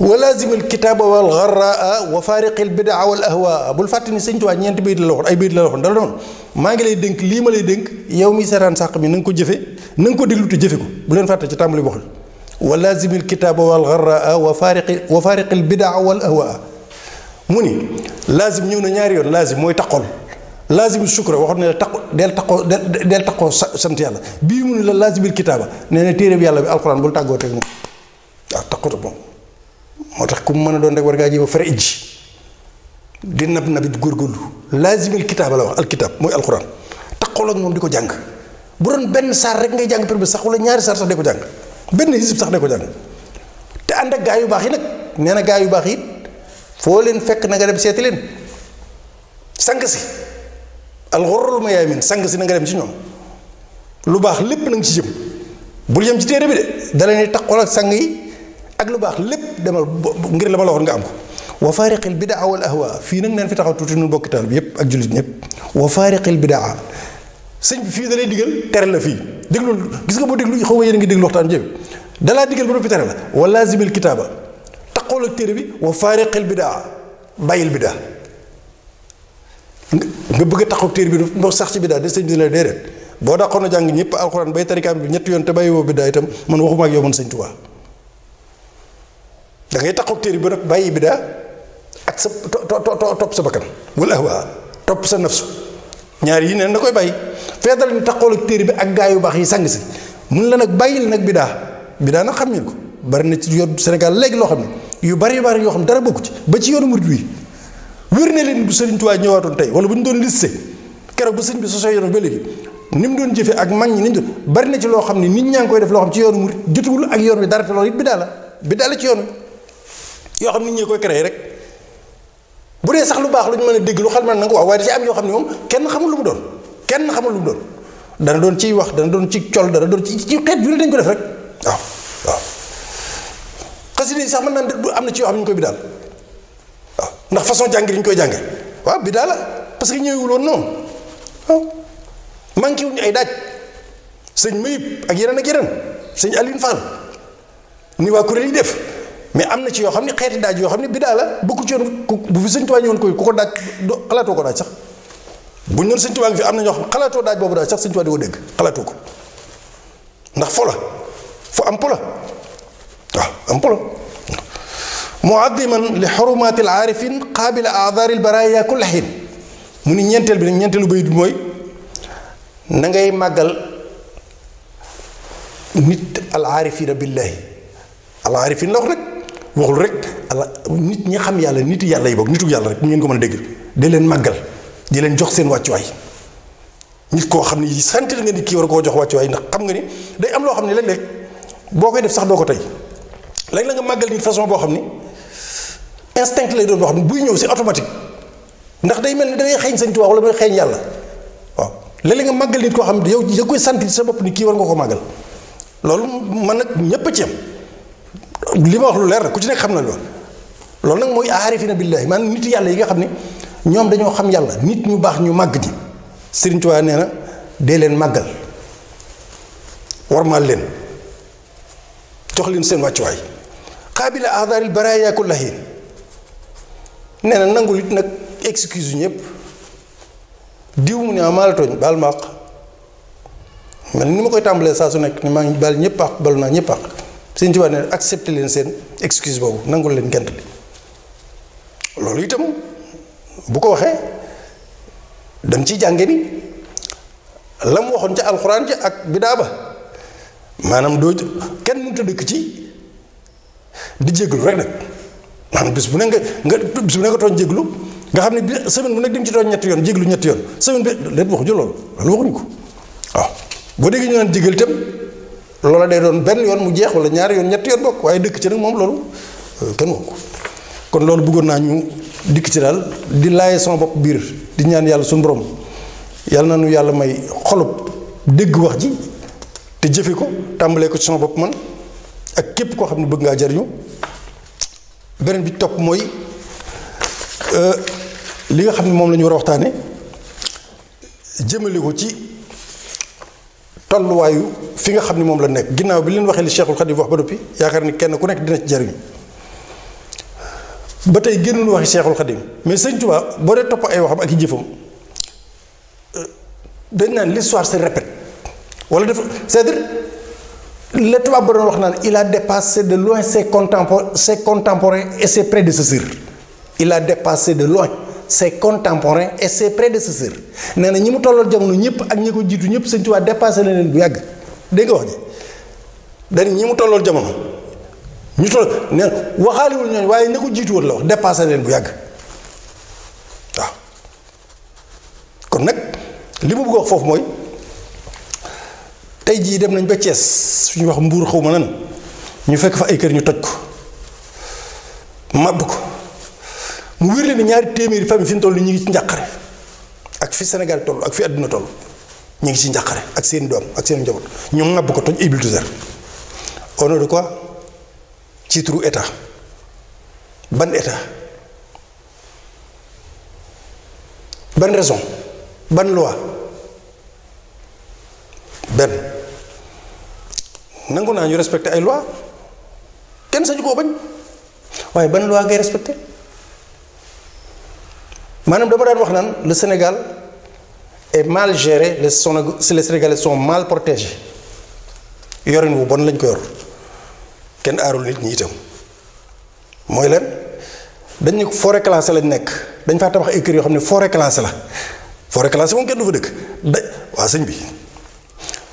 walaazim alkitaaba wal gharaa wa faariqi albidaa wal ahwaa bul fàtte ni sëñ Tuubaa ñeenti bayit la waxoon ay bayit la waxoon dala noonu maa ngi lay dénk lii ma lay dénk yow mi seetaan sàq bi na nga ko jëfe na nga ko déglu te jëfe ko bu leen fàttee ci tàmbali waxul walaazim alkitaaba wal gharaa wa faariqi wa faariqi albidaa wal ahwaa mu ni laazim ñëw na ñaari yoon laazim mooy taqool laazim sukra waxoon ne la taqo del taqoo del taqoo sant yàlla bii mu ne la laazimil kitaaba nee na téere bi yàlla bi alxuraan bul tàggoo teg moom waaw taqoto moom moo tax ku mu mën a doon rek war ngaa jéem a fara ijji di nab nabit góorgóorlu laazimil kitaaba la wax alkitab mooy alquran taxawal ak moom di ko jàng bu doon benn saar rek ngay jàng permis sax wala ñaari saar sax de ko jàng benn hisib sax de ko jàng te ànd ak gaa yu baax yi nag nee na gaa yu baax yi foo leen fekk na nga dem seeti leen sang si alxurul ma yaamin sang si nanga nga dem ci ñoom lu baax lépp na nga ci jëm bul yem ci téere bi de da leen di ak sang yi. ak lu baax lépp demal ngir la ma la waxoon nga am ko wa faariqil bidaa wal ahwa fii nag neen fi taxaw tuuti ñun bokki taal bi yépp ak jullit ñëpp wa faariqil bidaa sëñ fii da lay digal tere la fii déglul gis nga boo déglu xaw ma yéen ngi déglu waxtaan jëf da laa digal ba noppi tere la wa laazimil kitaaba taqool téere bi wa faariqil bidaa bàyyil bidaa nga bëgg a taxaw téere bi ndox sax ci bidaa de sëñ bi la déedéet boo dàqoon a jàng ñëpp alxuraan bay tarikaam bi ñetti yoon te bàyyiwoo bidaa itam man waxuma ak yow man sëñ Tuubaa da ngay téer téere bi nag bàyyi bi daa ak sa topp sa bakkan wala waa topp sa nafsu ñaar yi neen na koy bàyyi feetal ni taxawal ak téere bi ak gaa yu baax yi sang si mun la nag bàyyil nag bi daa bi daa nag xam ngeen ko bari na ci yoon Sénégal léegi loo ne yu bari bari yoo xam dara bokku ci ba ci yoonu murid wi wér na leen bu Sëriñ Tuubaa ñëwaatoon tey wala bu ñu doon liste keroog bu sëñ bi sosoo yoon ba ni mu doon jëfe ak mag ñi ni ñu na ci loo xam ne nit ñaa ngi koy def loo xam ci jotuwul ak yoon wi dara te loolu it bi la bi la ci yoon wi yoo xam nit ñi koy créé rek bu dee sax lu baax lu ñu mën a dégg lu xel na ko wax waaye da ci am yoo xam ne moom kenn xamul lu mu doon kenn xamul lu mu doon dana doon ciy wax dana doon ci col dana doon ci ci xeet yu ne dañ ko def rek waaw waaw xasida yi sax mën naan am na ci yoo xam ne ñu koy bidaal waaw ndax façon jàng li ñu koy jànge waaw bidaa la parce que ñëwul woon noonu waaw manqué wuñu ay daaj sëñ Mayib ak yeneen ak yeneen sëñ Aline Fall ni waa kuréel yi def. mais am na ci yoo xam ne xeeti daaj yoo xam ne bi la bokkul ci yoon bu fi sëñ Tuubaa ñëwoon koy ku ko daaj xalaatoo ko daaj sax bu ñu doon sëñ Tuubaa ngi am na ñoo xam ne xalaatoo daaj boobu daaj sax sëñ Tuubaa di ko dégg xalaatoo ko ndax fo la fo am po la waaw am po li mu ni ñeenteel bi nag ñeenteelu bayit bi mooy na ngay màggal nit al aarifina billahi al aarifin la wax waxul rek ala nit ñi xam yàlla nit yàlla yi boog nitu yàlla rek ngeen ko mën a dégg di leen màggal di leen jox seen wàccuwaay nit koo xam ni sentir nga ni kii war koo jox wàccuwaay ndax xam nga ni day am loo xam ne léeg-léeg boo koy def sax doo ko tey léeg la nga màggal nit façon boo xam ni instinct lay doon boo xam buy ñëw c'est automatique ndax day mel ni dangay xeeñ Sëñ Tuubaa wala mooy xeeñ yàlla waaw léeg-léeg nga koo xam ne yow yaa koy sentir sa bopp ni kii war ko màggal loolu man nag ñëpp a ci am li ma wax lu leer na ku ci xam na loolu loolu nag mooy aarifina billahi man nit yàlla yi nga xam ne ñoom dañoo xam yàlla nit ñu baax ñu màgg di Sëriñ Tuubaa nee na dee leen màggal warmaal leen jox leen seen wàccuwaay qaabila aadaaril baraaya kullahi nee na nangul it nag excuse yu ñëpp diw mu ne ah maa la tooñ baal ma àq man ni ma koy tàmbalee saa su nekk ni maa ngi baal ñëpp àq balu naa ñëpp àq ci Tuubaa ne accepté leen seen excuse boobu nangul leen gent bi loolu itam bu ko waxee dañ ciy jànge ni la mu waxoon ca alxuraan ci ak bidaa ba maanaam doo kenn mënut a dëkk ci di jéglu rek nag maanaam bis bu ne nga nga bis bu ne nga tooñ jéglu nga xam ne bi semaine bu nekk di ci tooñ ñetti yoon jéglu ñetti yoon semaine bi lépp waxuñu loolu loolu waxuñu ko waaw boo déggee ñu naan jégal itam loola day doon benn yoon mu jeex wala ñaari yoon ñetti yoon bokk waaye dëkk ci nag moom loolu euh, kenn moom kon loolu bëggoon naa ñu dikk ci daal di laaye sama bokk biir di ñaan yàlla suñu borom yàlla na nu yàlla may xolub dégg wax ji te jëfe ko tàmbalee ko ci sama bopp man ak képp koo xam ne bëgg ngaa jariñu beneen bi topp mooy euh, li nga xam ne moom lañu war a waxtaane jëmale ko ci tolluwaayu fi nga xam ni moom la nekk ginnaaw bi leen waxee li Cheikhul Khadim wax ba noppi yaakaar ni kenn ku nekk dina ci jariñ ba tey génnul waxi Cheikhul Khadim mais Sëñ Tuubaa boo dee topp ay waxam ak i jëfam euh, dañ naan l'histoire se répète wala def c'est-à-dire le ba doon wax naan il a dépassé de loin ses contempor ses contemporains et ses prédécesseurs il a dépassé de loin ses contemporains et ses prédécesseurs nee na ñi mu tolloon jamono ñëpp ak ñi ko jiitu ñëpp Sëñ Tuubaa dépassé na leen bu yàgg dégg nga wax ji dañ ñi mu tolloon jamono ñu toll nee na waxaaliwul waaye ñi ko jiitu woon la wax dépassé na leen bu yàgg waaw kon nag li mu bëgg wax foofu mooy tey jii dem nañ ba su ñu wax mbuur xaw ma nan ñu fekk fa ay kër ñu toj ko màbb ko. mu wér leen ñaari téeméeri famille fi mu toll ñu ngi ci njàqare ak fi Sénégal toll ak fi àdduna toll ñu ngi ci njàqare ak seen doom ak seen njaboot ñu ŋàbb ko toj ay bulldozer au ko de quoi ci turu état ban état ban raison ban loi benn nangu naa ñu respecté ay loi kenn sañu koo bañ waaye ban loi ngay respecté maanaam dama daan wax naan le Sénégal est mal géré les son les Sénégalais sont mal protégés yorin wu bon lañ ko yor kenn aarul nit ñi itam mooy leen dañu forêt classée lañ nekk dañ faa tabax ay kër yoo xam ne forêt classée la forêt classée moom kenn du fa dëkk da waa sëñ bi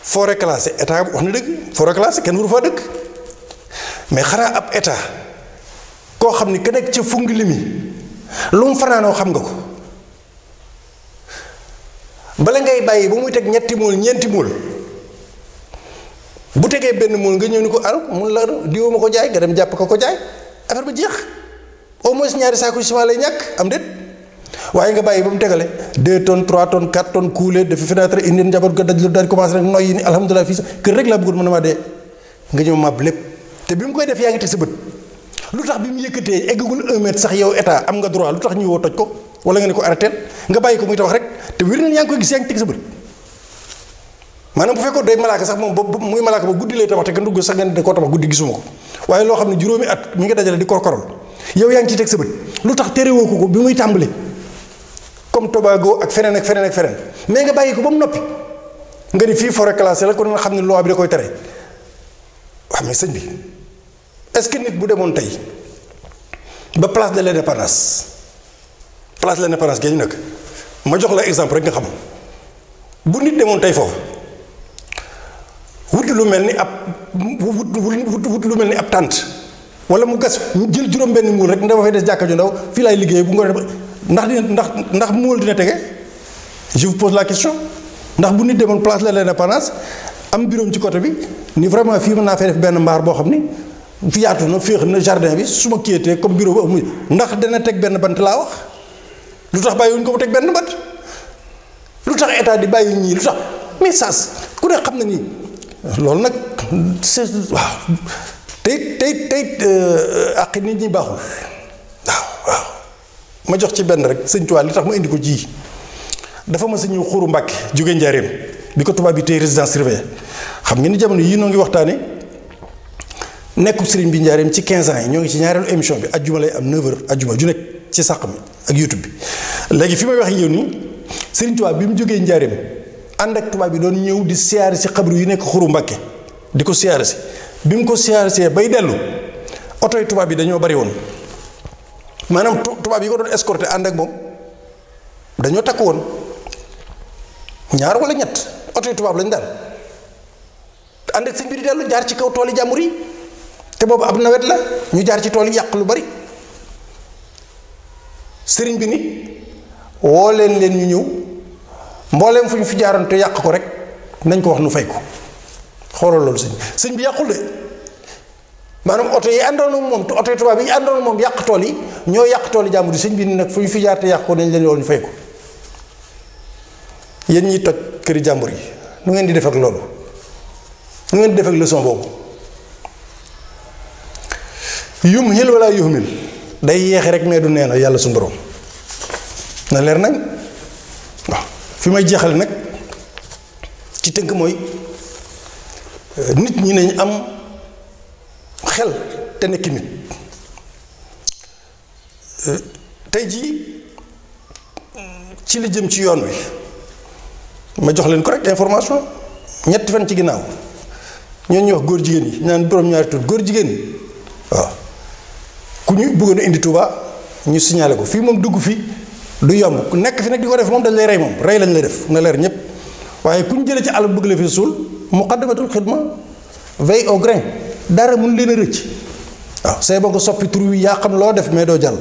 forêt classée état wax na dëgg forêt classée kenn waru faa dëkk mais xanaa ab état koo xam ni ka nekk ca fungi limi lu mu fanaanoo xam nga ko bala ngay bàyyi ba muy teg ñetti muul ñeenti muul bu tegee benn muul nga ñëw ni ko al mun la diw ma ko jaay nga dem jàpp ko ko jaay affaire ba jeex au moins ñaari saako ciment lay ñàkk am déet waaye nga bàyyi ba mu tegale deux ton trois tonnes quatre tonnes coulé dafa fenêtre indi njaboot ga daj lu daal commencé rek ni alhamdulilah fii sax kër rek laa bëggoon mën a maa dee nga ñëw màbb lépp te bi mu koy def yaa ngi teg sa bët lu tax bi mu yëkkatee eggagul un mètre sax yow état am nga droit lu tax ñu woo toj ko wala nga ne ko arrêté nga bàyyi ko muy tabax rek te wér na yaa ngi koy gis yaa ngi teg sa maanaam bu fekkoon day malaaka sax moom boobu muy malaaka ba guddi lay tabax te gën dugg sax ngeen da loo xam ne juróomi at mi nga dajale di korkoral yaa ngi ciy teg sa lu tax terewoo ko ko bi muy tàmbale comme Tobago ak feneen ak feneen ak feneen mais nga bàyyi ko ba mu noppi nga ni fii forêt classée la ko nga xam ne loi bi da koy tere waaw mais sëñ bi est-ce que nit bu demoon tey ba place de l'indépendance place de l'indépendance gee ñu nekk ma jox la exemple rek nga xam bu nit demoon tey foofu wut lu mel ni ab wut wut lu mel ni ab tànt wala mu gas jël juróom benn muul rek ndax dafay jàkka ju ndaw fii laay liggéey bu nga ndax dina ndax ndax muul dina tege je vous la question ndax bu nit demoon place de l'indépendance am bureau ci côté bi ni vraiment fii mën naa fay def benn mbaar boo xam ni yaatu na féex na jardin bi su ma kéetee comme bureau bi amul ndax dana teg benn bant laa wax lu tax bàyyiwuñ ko mu teg benn bant lu tax état di bàyyi ñii lu tax mais saas ku ne xam na ni loolu nag c'est waaw tey tey tey euh, ak nit ñi baaxul waaw waaw ma jox ci benn rek sëñ Tuubaa li tax ma indi ko ji dafa ma sa ñëw xuru Mbàkke jóge Njaaréem bi ko tubaab bi tey résidence surveillée xam ngeen ni jamono yii noo ngi waxtaanee. nekkub sëriñ bi njaareem ci 15 ans yi ñoo ngi ci ñaareelu émission bi ajjuma lay am 9 ajjuma ju nekk ci sàq mi ak YouTube bi léegi fi may wax yow nii sëriñ Tuubaa bi mu jógee njaareem ànd ak tubaab bi doon ñëw di siyaare si xabru yu nekk xuru Mbàkke di ko siyaare si bi mu ko siyaare see bay dellu oto tubaab yi dañoo bari woon maanaam tubaab yi ko doon escorté ànd ak moom dañoo takk woon ñaar wala ñett oto tubaab lañ daal ànd ak sëñ bi di dellu jaar ci kaw tooli jàmbur yi. te boobu ab nawet la ñu jaar ci tool yi yàq lu bari sëriñ bi ni woo leen leen ñu ñëw mbooleem fu ñu fi jaaroon yàq ko rek nañ ko wax nu fay ko xoolal loolu sëñ bi yàqul de maanaam oto yi àndoon moom te oto yi tubaab yi àndoon moom yàq tool yi ñoo yàq tool yi jàmm di sëñ bi ni nag fu ñu fi jaar te yàq ko nañ leen loolu ñu fay ko yéen ñiy toj këri jàmbur yi nu ngeen di def ak loolu nu ngeen di def ak boobu. yumhil wala yuhmil day yeex rek mais du nee na yàlla suñu borom na leer nañ waaw fi may jeexale nag ci tënk mooy euh, nit ñi nañ am xel te nekki nit euh, tey jii ci li jëm ci yoon wi ma jox leen ko rek information ñett fan ci ginnaaw ñoo ñuy wax góor jigéen yi ñaan borom ñaari tur góor jigéen yi waaw ku ñu bëggoon a indi Touba ñu signalé ko fii moom dugg fi du yomb ku nekk fi nag di ko def moom dañ lay rey moom rey lañ lay def na leer ñëpp waaye ku ñu jëlee ci àll bëgg la fi suul muqaddamatul xidma veille au grain dara mun leen a rëcc waaw say ba nga soppi tur wi yaa xam loo def mais doo jàll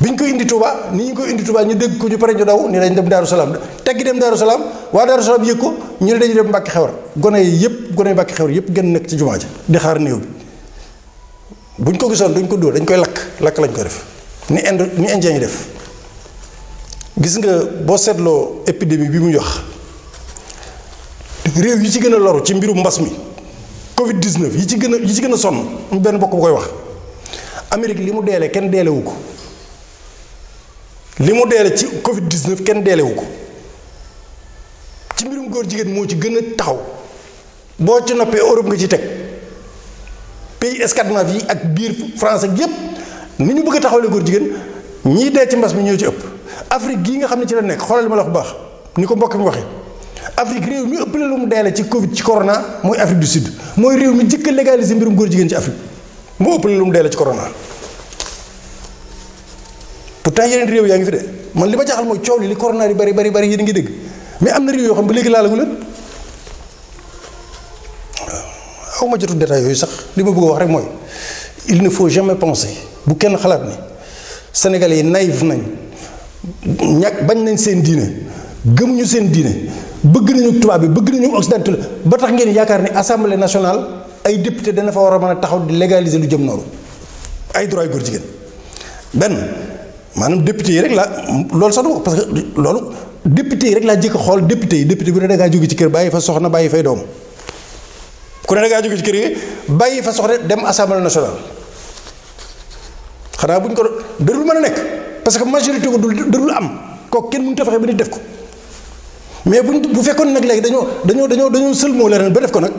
bi ñu ko indi Touba ni ñu ko indi Touba ñu dégg ko ñu pare ñu daw ni dañ dem Daaru Salaam teggi dem Daaru Salaam waa Daaru Salaam yëg ko ñu ne dañu dem Mbàkke Xewar gone yi yëpp gone yi Mbàkke yëpp gën nekk ci jumaa ji di xaar néew bi buñ ko gisoon duñ ko dóor dañ koy lakk lakk lañ koy def ni Inde ni Indien def gis nga boo seetloo épidémie bi muy wax réew yi ci gën a loru ci mbiru mbas mi Covid 19 yi ci gën a yi ci gën a sonn mu benn bokk bu koy wax Amérique li mu deele kenn deelewu ko li mu deele ci Covid 19 kenn deelewu ko ci mbirum góor jigéen moo ci gën a taxaw boo ci noppee Europe nga ci teg. pays Scandinave yi ak biir France ak yépp ni ñu bëgg a taxawalee góor jigéen ñii dee ci mbas mi ñoo ci ëpp Afrique gii nga xam ne ci la nekk xoolal ma la wax bu baax ni ko mbokk mi waxee Afrique réew mi ëpp la lu mu deele ci Covid ci corona mooy Afrique du Sud mooy réew mi jëkk a légaliser mbirum góor jigéen ci Afrique moo ëpp la lu mu deele ci corona. pourtant yeneen réew yaa ngi fi de man li ma jaaxal mooy coow li li corona yi bari bari bari yéen a ngi dégg mais am na réew yoo xam ba léegi laalagu leen. xaw ma jotu détail yooyu sax li ma bëgg a wax rek mooy il ne faut jamais penser bu kenn xalaat ni sénégalais yi naïf nañ ñàkk bañ nañ seen diine gëmuñu seen diine bëgg nañu tubaab bi bëgg nañu occidental ba tax ngeen yaakaar ni assemblée nationale ay député dana fa war a man a taxaw di légaliser lu jëm nooru ay droit góor jigéen benn maanaam député yi rek laa loolu sax du parce que loolu député yi rek laa jëkk xool député yi député bu ne da ci kër bàyyi fa soxna bàyyi fay doom ku ne da ngaa jóge ci kër gi bàyyi fa soxna dem assemblée nationale xanaa bu ñu ko dërul mën a nekk parce que majorité ko du dërul am kook kenn mënut a fexe ba di def ko mais buñ bu fekkoon nag léegi dañoo dañoo dañoo dañoo moo leneen ba def ko nag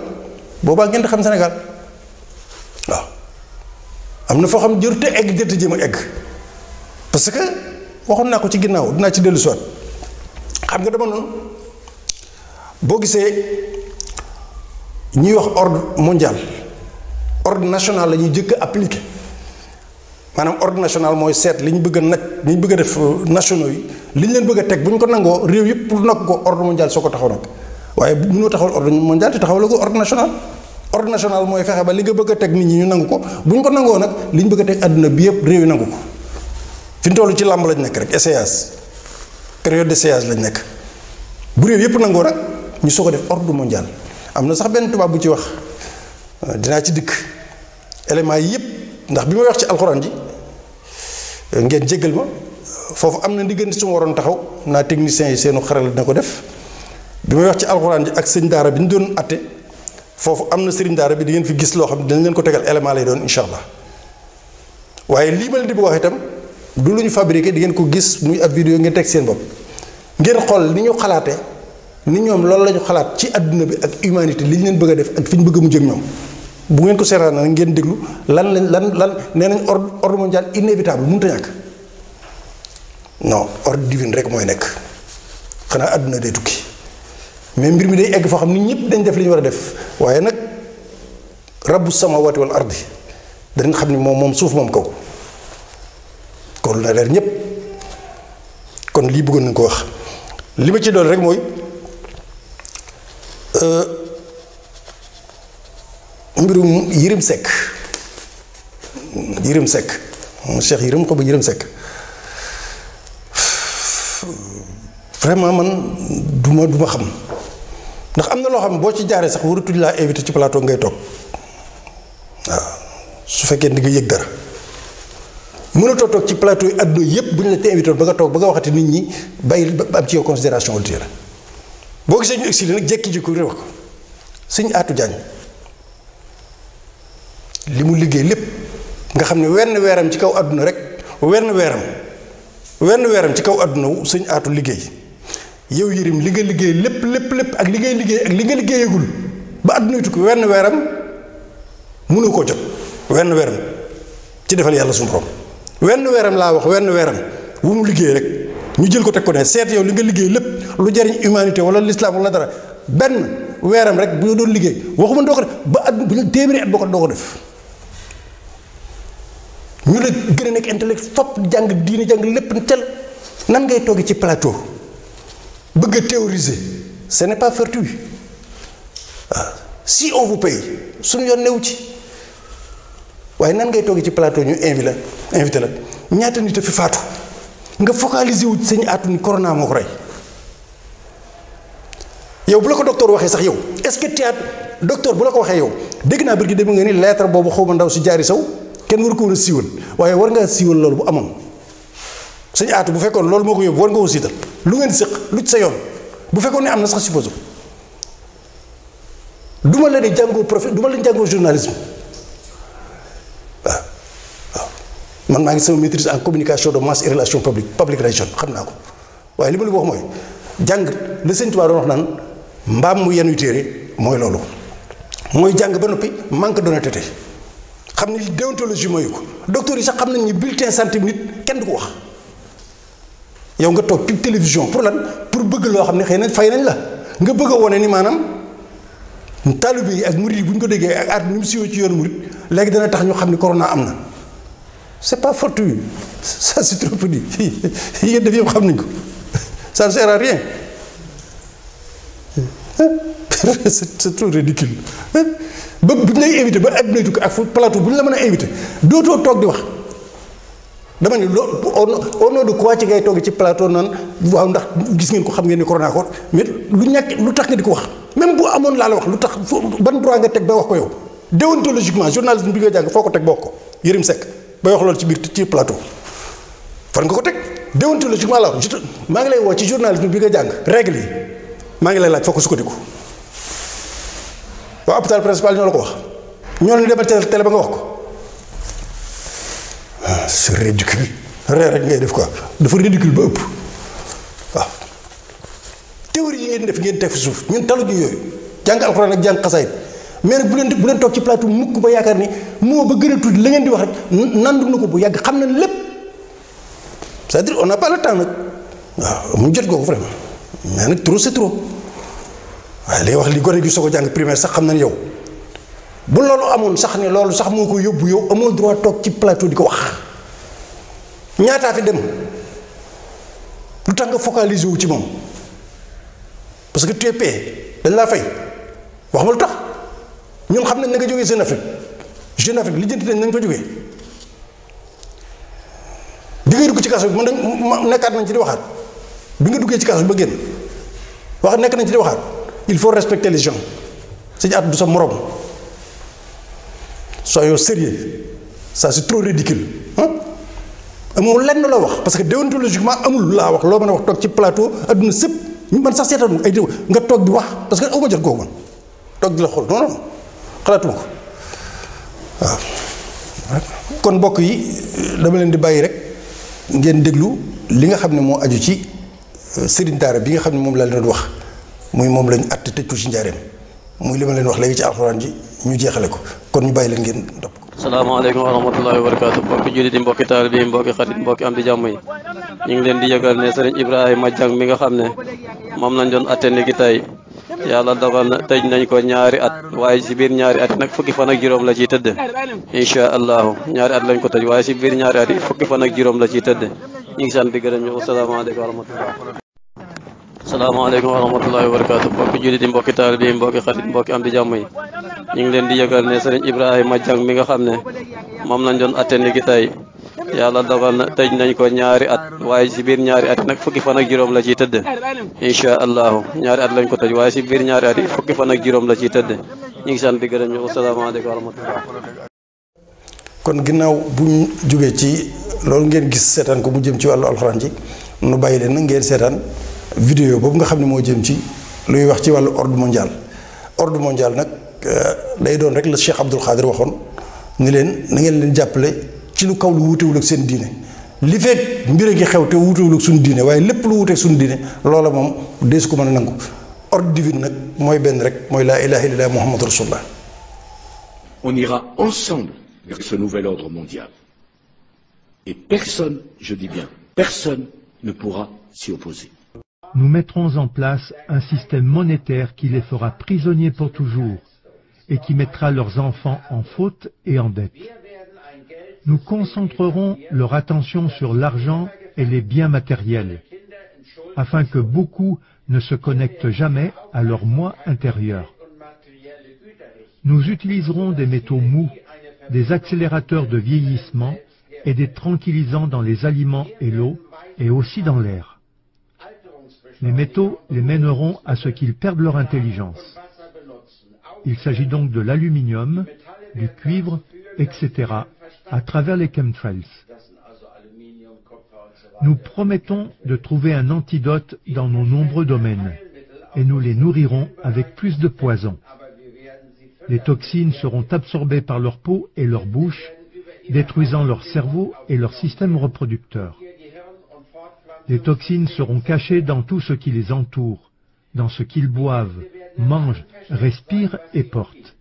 boobaa ngeen di xam Sénégal waaw am na foo xam jërut egg jërut jéem a egg parce que waxoon naa ko ci ginnaaw dinaa ci dellu siwaat xam nga dama noonu boo gisee. ñuy wax ordre mondial ordre national la ñuy jëkk a appliqué maanaam ordre national mooy seet li ñu bëgg a nag li ñu bëgg a def euh, nationaux yi li ñu leen bëgg a teg bu ñu ko nangoo réew yëpp pour nag ko ordre mondial soo ko taxaw nag waaye mënoo taxawal ordre mondial te taxawal ko ordre national mooy fexe ba li nga bëgg a teg nit ñi ñu nangu ko bu ñu ko nangoo nag li ñu bëgg a teg àdduna bi yëpp réew yi nangu ko fi ñu toll ci làmb lañu nekk rek essayage période d'essayage lañ nekk bu réew yëpp nangoo nag ñu soog a def ordre mondial. am na sax benn tubaab bu ci wax euh, dinaa ci dikk éléments yi yëpp ndax bi may wax ci alxuraan ji euh, ngeen jéggal ma foofu am na diggante su ma waroon taxaw naa techniciens yi seenu xarala dina ko def bi may wax ci alxuraan ji ak sëñ daara bi ñu doon atte foofu am na sëriñ daara bi di ngeen fi gis loo xam ne dañ leen ko tegal élément lay doon incha allah waaye lii ma leen di bëgg wax itam du lu ñu fabriqué di ngeen ko gis muy ab vidéo nga teg seen bopp ngeen xool ni ñu xalaatee. ni ñoom loolu la ñu xalaat ci àdduna bi ak umaanité li ñu leen bëgg a def ak fi ñu bëgg mu jëm ñoom bu ngeen ko seetaan nag ngeen déglu lan lañ lan lan nee nañ ordre ordre mondial inévitable mënut a ñàkk non ordre divin rek mooy nekk xanaa àdduna day tukki mais mbir mi day egg foo xam ni ñëpp dañ def li ñu war a def waaye nag rabbu samawati wal ardi danañ xam ni moom moom suuf moom kaw kon la leer ñépp kon lii bëggoon nañ ko wax li ma ci doon rek mooy. Euh, mbirum Yirim Seck Yirim Seck Cheikh Yirim xobu Yirim sekk vraiment man du ma du ma xam ndax am na loo xam boo ci jaaree sax waratuñ laa invité ci plateau ngay toog waaw su fekkee di nga yëg dara mënatoo toog ci plateau yi àdduna yépp bu ñu la te invité ba nga toog ba nga waxati nit ñi bàyyi ba am ci yow considération ultérieure boo gisee ñu exilé nag jékki jikko réew sëñ Atou Diagne li mu liggéey lépp nga xam ne wenn weeram ci kaw àdduna rek wenn weeram wenn weeram ci kaw àdduna sëñ aatu liggéey yow yërim li nga liggéey lépp lépp lépp ak liggéey liggéey ak li nga liggéeyagul ba àdduna tukki wenn weeram mënu koo jot wenn weeram ci defal yàlla suñu borom wenn weeram laa wax wenn weeram wu mu liggéey rek ñu jël ko teg ko ne seet yow li nga liggéey lépp lu jariñ humanité wala l'islam wala dara benn weeram rek bu ñu doon liggéey waxuma doo ko def ba at bu ñu téeméeri at boo ko doo ko def ñu la gën a nekk intellect fop jàng diine jàng lépp tel nan ngay toogee ci plateau bëgg a théoriser ce n'est pas fortuit waaw si on vous paye suñu yoon newu ci waaye nan ngay toogee ci plateau ñu invité la invité la ñaata nit a fi faatu. nga focaliser wu seen at ni corona moo ko rey yow bu la ko docteur waxee sax yow est-ce que théâtre docteur bu la ko waxee yow dégg naa biir gi nga ni lettre boobu xaw ma ndaw si jaari saw kenn war ko war siiwal waaye war ngaa siiwal loolu bu amoon suñu atu bu fekkoon loolu moo ko yóbbu war nga ko siital lu ngeen sëq lu ci sa yoon bu fekkoon ne am na sax supposé duma leen jàngoo prof duma leen jàngoo journalisme man maa ngi sama maîtrise en communication de masse et relation publique public relation xam naa ko waaye li ma la wax mooy jàng la Sëñ doon wax naan mbaam mu yenu téere mooy loolu mooy jàng ba noppi manque d'honnêteté xam ni déontologie mooy ko docteur yi sax xam nañ ni bulletin santé nit kenn du ko wax yow nga toog pub télévision pour lan pour bëgg loo xam ne xëy nañ fay nañ la nga bëgg a wone ni maanaam taalibe yi ak murid yi bu ñu ko déggee at ni ci yoonu murid léegi dana tax ñu xam ni corona am na. c'est pas fortuit ça c'est trop petit yéen def yëpp xam nañ ko ça ne sert à rien c'est trop ridicule ba bu ñu lay invité ba adduna tukki ak plateau bu ñu la mën a invité dootoo toog di wax dama ne loo au nom de quoi ngay toog ci plateau naan waaw ndax gis ngeen ko xam ngeen ni corona ko mais lu ñàkk lu tax nga di ko wax même bu amoon laa la wax lu tax ban droit nga teg ba wax ko yow déontologiquement journalisme bi nga jàng foo ko teg bokk ko Yérim Seck bay wax loolu ci biir ci plateau fan nga ko teg déontologiquement la wax maa ngi lay woo ci journalisme bi nga jàng règle yi maa ngi lay laaj foo ko sukkandiku waa hôpital principal ñoo la ko wax ñoo leen demal télé ba nga wax ko ah c'est rek ngay def ko dafa ridicule ba ëpp waaw théorie yi ngeen def ngeen teg fi suuf ñun taluñu yooyu jàng alxuraan ak jàng xasaayit mais nag bu leen bu toog ci plateau mukk ba yaakaar ni moo ba gën a tuuti la ngeen di wax rek nandu na ko bu yàgg xam na lépp c'est-à-dire on n'a pas le temps nag waaw amuñ jot googu vraiment mais nag trop c'est trop waaye li wax li gone gi soog a jàng primaire sax xam nañ yow bu loolu amoon sax ne loolu sax moo ko yóbbu yow amoo droit toog ci plateau di ko wax ñaataa fi dem lu tax nga focaliser wu ci moom parce que tu dañ laa fay wax ma lu tax. ñoom xam nañ na nga jógee Jeune Afrique Jeune Afrique li jënti nañ nañ fa jóge di nga dugg ci kaso bi man dañ nekkaat nañ ci di waxaat bi nga duggee ci kaso bi ba génn wax nekk nañ ci di waxaat il faut respecter les gens sëñ at du sa morom soyons sérieux ça c'est trop ridicule amul lenn la wax parce que déontologiquement amul laa wax loo mën a wax toog ci plateau adduna sëpp ñu man sax seetaanu ay déw nga toog di wax parce que aw ma jot googu toog la xool non xalaatuma ko waaw kon mbokk yi dama leen di bàyyi rek ngeen déglu li nga xam ne moo aju ci euh, sëriñ daara bi nga xam ne moom laa leen doon wax muy moom lañu àtt tëj ci njaareem muy li ma leen wax léegi ci alxuraan ji ñu jeexale ko kon ñu bàyyi leen ngeen topp ko. salaamaaleykum wa rahmatullahi wa barakaatu mbokki jullit yi mbokki taalibe yi mbokki xarit mbokki am di jàmm ñu ngi leen di yëgal ne sëriñ Ibrahima Diang mi nga xam ne moom lañ doon àtte ni ki yàlla dogal na tëj nañ ko ñaari at waaye si biir ñaari at nag fukki fan ak juróom la ciy tëdd incha allahu ñaari at lañ ko tëj waaye si biir ñaari at yi fukki fan ak juróom la ciy tëdd ñu ngi sant di gërëm ñu asalaamaaleykum wa rahmatullah asalaamaaleykum wa wa barakaatu mbokki jullit yi mbokki taalibe yi mbokki xarit mbokki am di jàmm yi ñu ngi leen di yëgal ne sëriñ Ibrahima Diang mi nga xam ne moom lañ doon atte ni yàlla dogal na tej nañ ko ñaari at waaye si biir ñaari at nag fukki fan ak juróom la ciy tëdd incha allahu ñaari at lañ ko tëj waaye si biir ñaari at yi fukki fan ak juróom la ciy tëdd ñu ngi sant di gërëm ñu asalaamaaleykum kon ginnaaw bu ñu jógee ci loolu ngeen gis seetaan ko mu jëm ci wàllu alxuraan ji nu bàyyi leen ngeen seetaan vidéo boobu nga xam ne moo jëm ci luy wax ci wàllu ordre mondial ordre mondial nag euh, day doon rek la Cheikh Abdoul Khadir waxoon ni leen na ngeen leen jàppale. ci lu kaw lu wutewul ak seen diine li fekk mbir gi xew te wutewul ak suñu diine waaye lépp lu wuteeg suñu diine loola moom deesu ko mën a nangu ordre divine nag mooy benn rek mooy la ilaha illallah muhammadu rasulullah on ira ensemble vers ce nouvel ordre mondial et personne je dis bien personne ne pourra s'y opposer nous mettrons en place un système monétaire qui les fera prisonniers pour toujours et qui mettra leurs enfants en faute et en dette nous concentrerons leur attention sur l'argent et les biens matériels, afin que beaucoup ne se connectent jamais à leur moi intérieur. Nous utiliserons des métaux mous, des accélérateurs de vieillissement et des tranquillisants dans les aliments et l'eau, et aussi dans l'air. Les métaux les mèneront à ce qu'ils perdent leur intelligence. Il s'agit donc de l'aluminium, du cuivre, etc., à travers les chemtrails. Nous promettons de trouver un antidote dans nos nombreux domaines et nous les nourrirons avec plus de poison. Les toxines seront absorbées par leur peau et leur bouche, détruisant leur cerveau et leur système reproducteur. Les toxines seront cachées dans tout ce qui les entoure, dans ce qu'ils boivent, mangent, respirent et portent.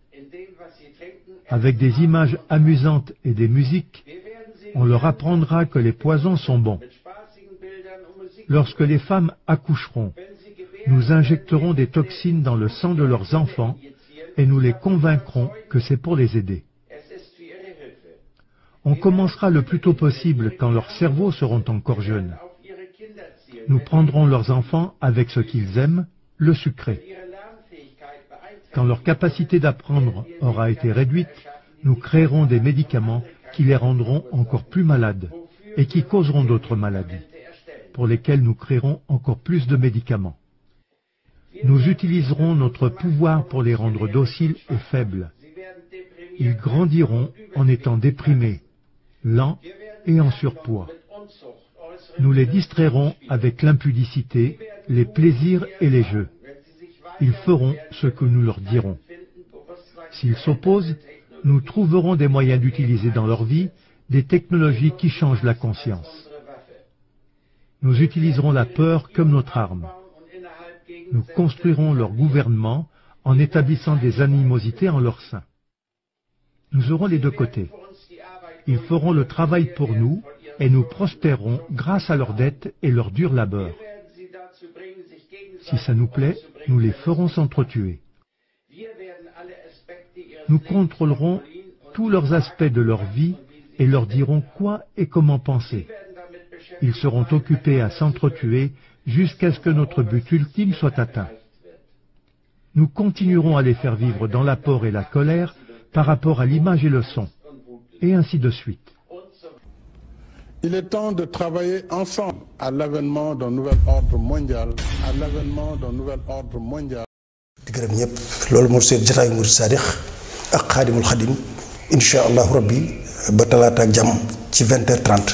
Avec des images amusantes et des musiques, on leur apprendra que les poisons sont bons. Lorsque les femmes accoucheront, nous injecterons des toxines dans le sang de leurs enfants et nous les convaincrons que c'est pour les aider. On commencera le plus tôt possible quand leurs cerveaux seront encore jeunes. Nous prendrons leurs enfants avec ce qu'ils aiment, le sucré. Quand leur capacité d'apprendre aura été réduite, nous créerons des médicaments qui les rendront encore plus malades et qui causeront d'autres maladies, pour lesquelles nous créerons encore plus de médicaments. Nous utiliserons notre pouvoir pour les rendre dociles et faibles. Ils grandiront en étant déprimés, lents et en surpoids. Nous les distrairons avec l'impudicité, les plaisirs et les jeux. ils feront ce que nous leur dirons. S'ils s'opposent, nous trouverons des moyens d'utiliser dans leur vie des technologies qui changent la conscience. Nous utiliserons la peur comme notre arme. Nous construirons leur gouvernement en établissant des animosités en leur sein. Nous aurons les deux côtés. Ils feront le travail pour nous et nous prospérons grâce à leurs dettes et leur dur labeur. Si ça nous plaît, nous les ferons s'entretuer. Nous contrôlerons tous leurs aspects de leur vie et leur dirons quoi et comment penser. Ils seront occupés à s'entretuer jusqu'à ce que notre but ultime soit atteint. Nous continuerons à les faire vivre dans l'apport et la colère par rapport à l'image et le son, et ainsi de suite. Il est temps de travailler ensemble à l'avènement d'un nouvel ordre mondial, à l'avènement d'un nouvel ordre mondial. di gërëm ñëpp loolu moo seen jataayu murid saadix ak xaadimul xadim incha allahu rabbi ba talaata ak ci vingt heures trente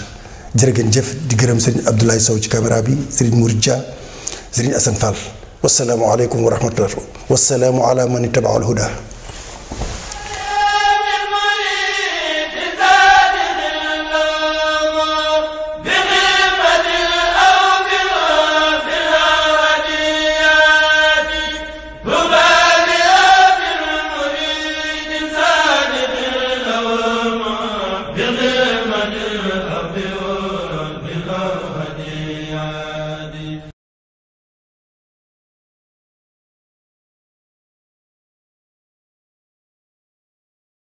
jëf di gërëm Serigne Abdoulaye Sow ci caméra bi Serigne Mouride Dia Serigne Assane Fall wasalaamu aleykum wa rahmatullah wasalaamu ala man itabaa al huda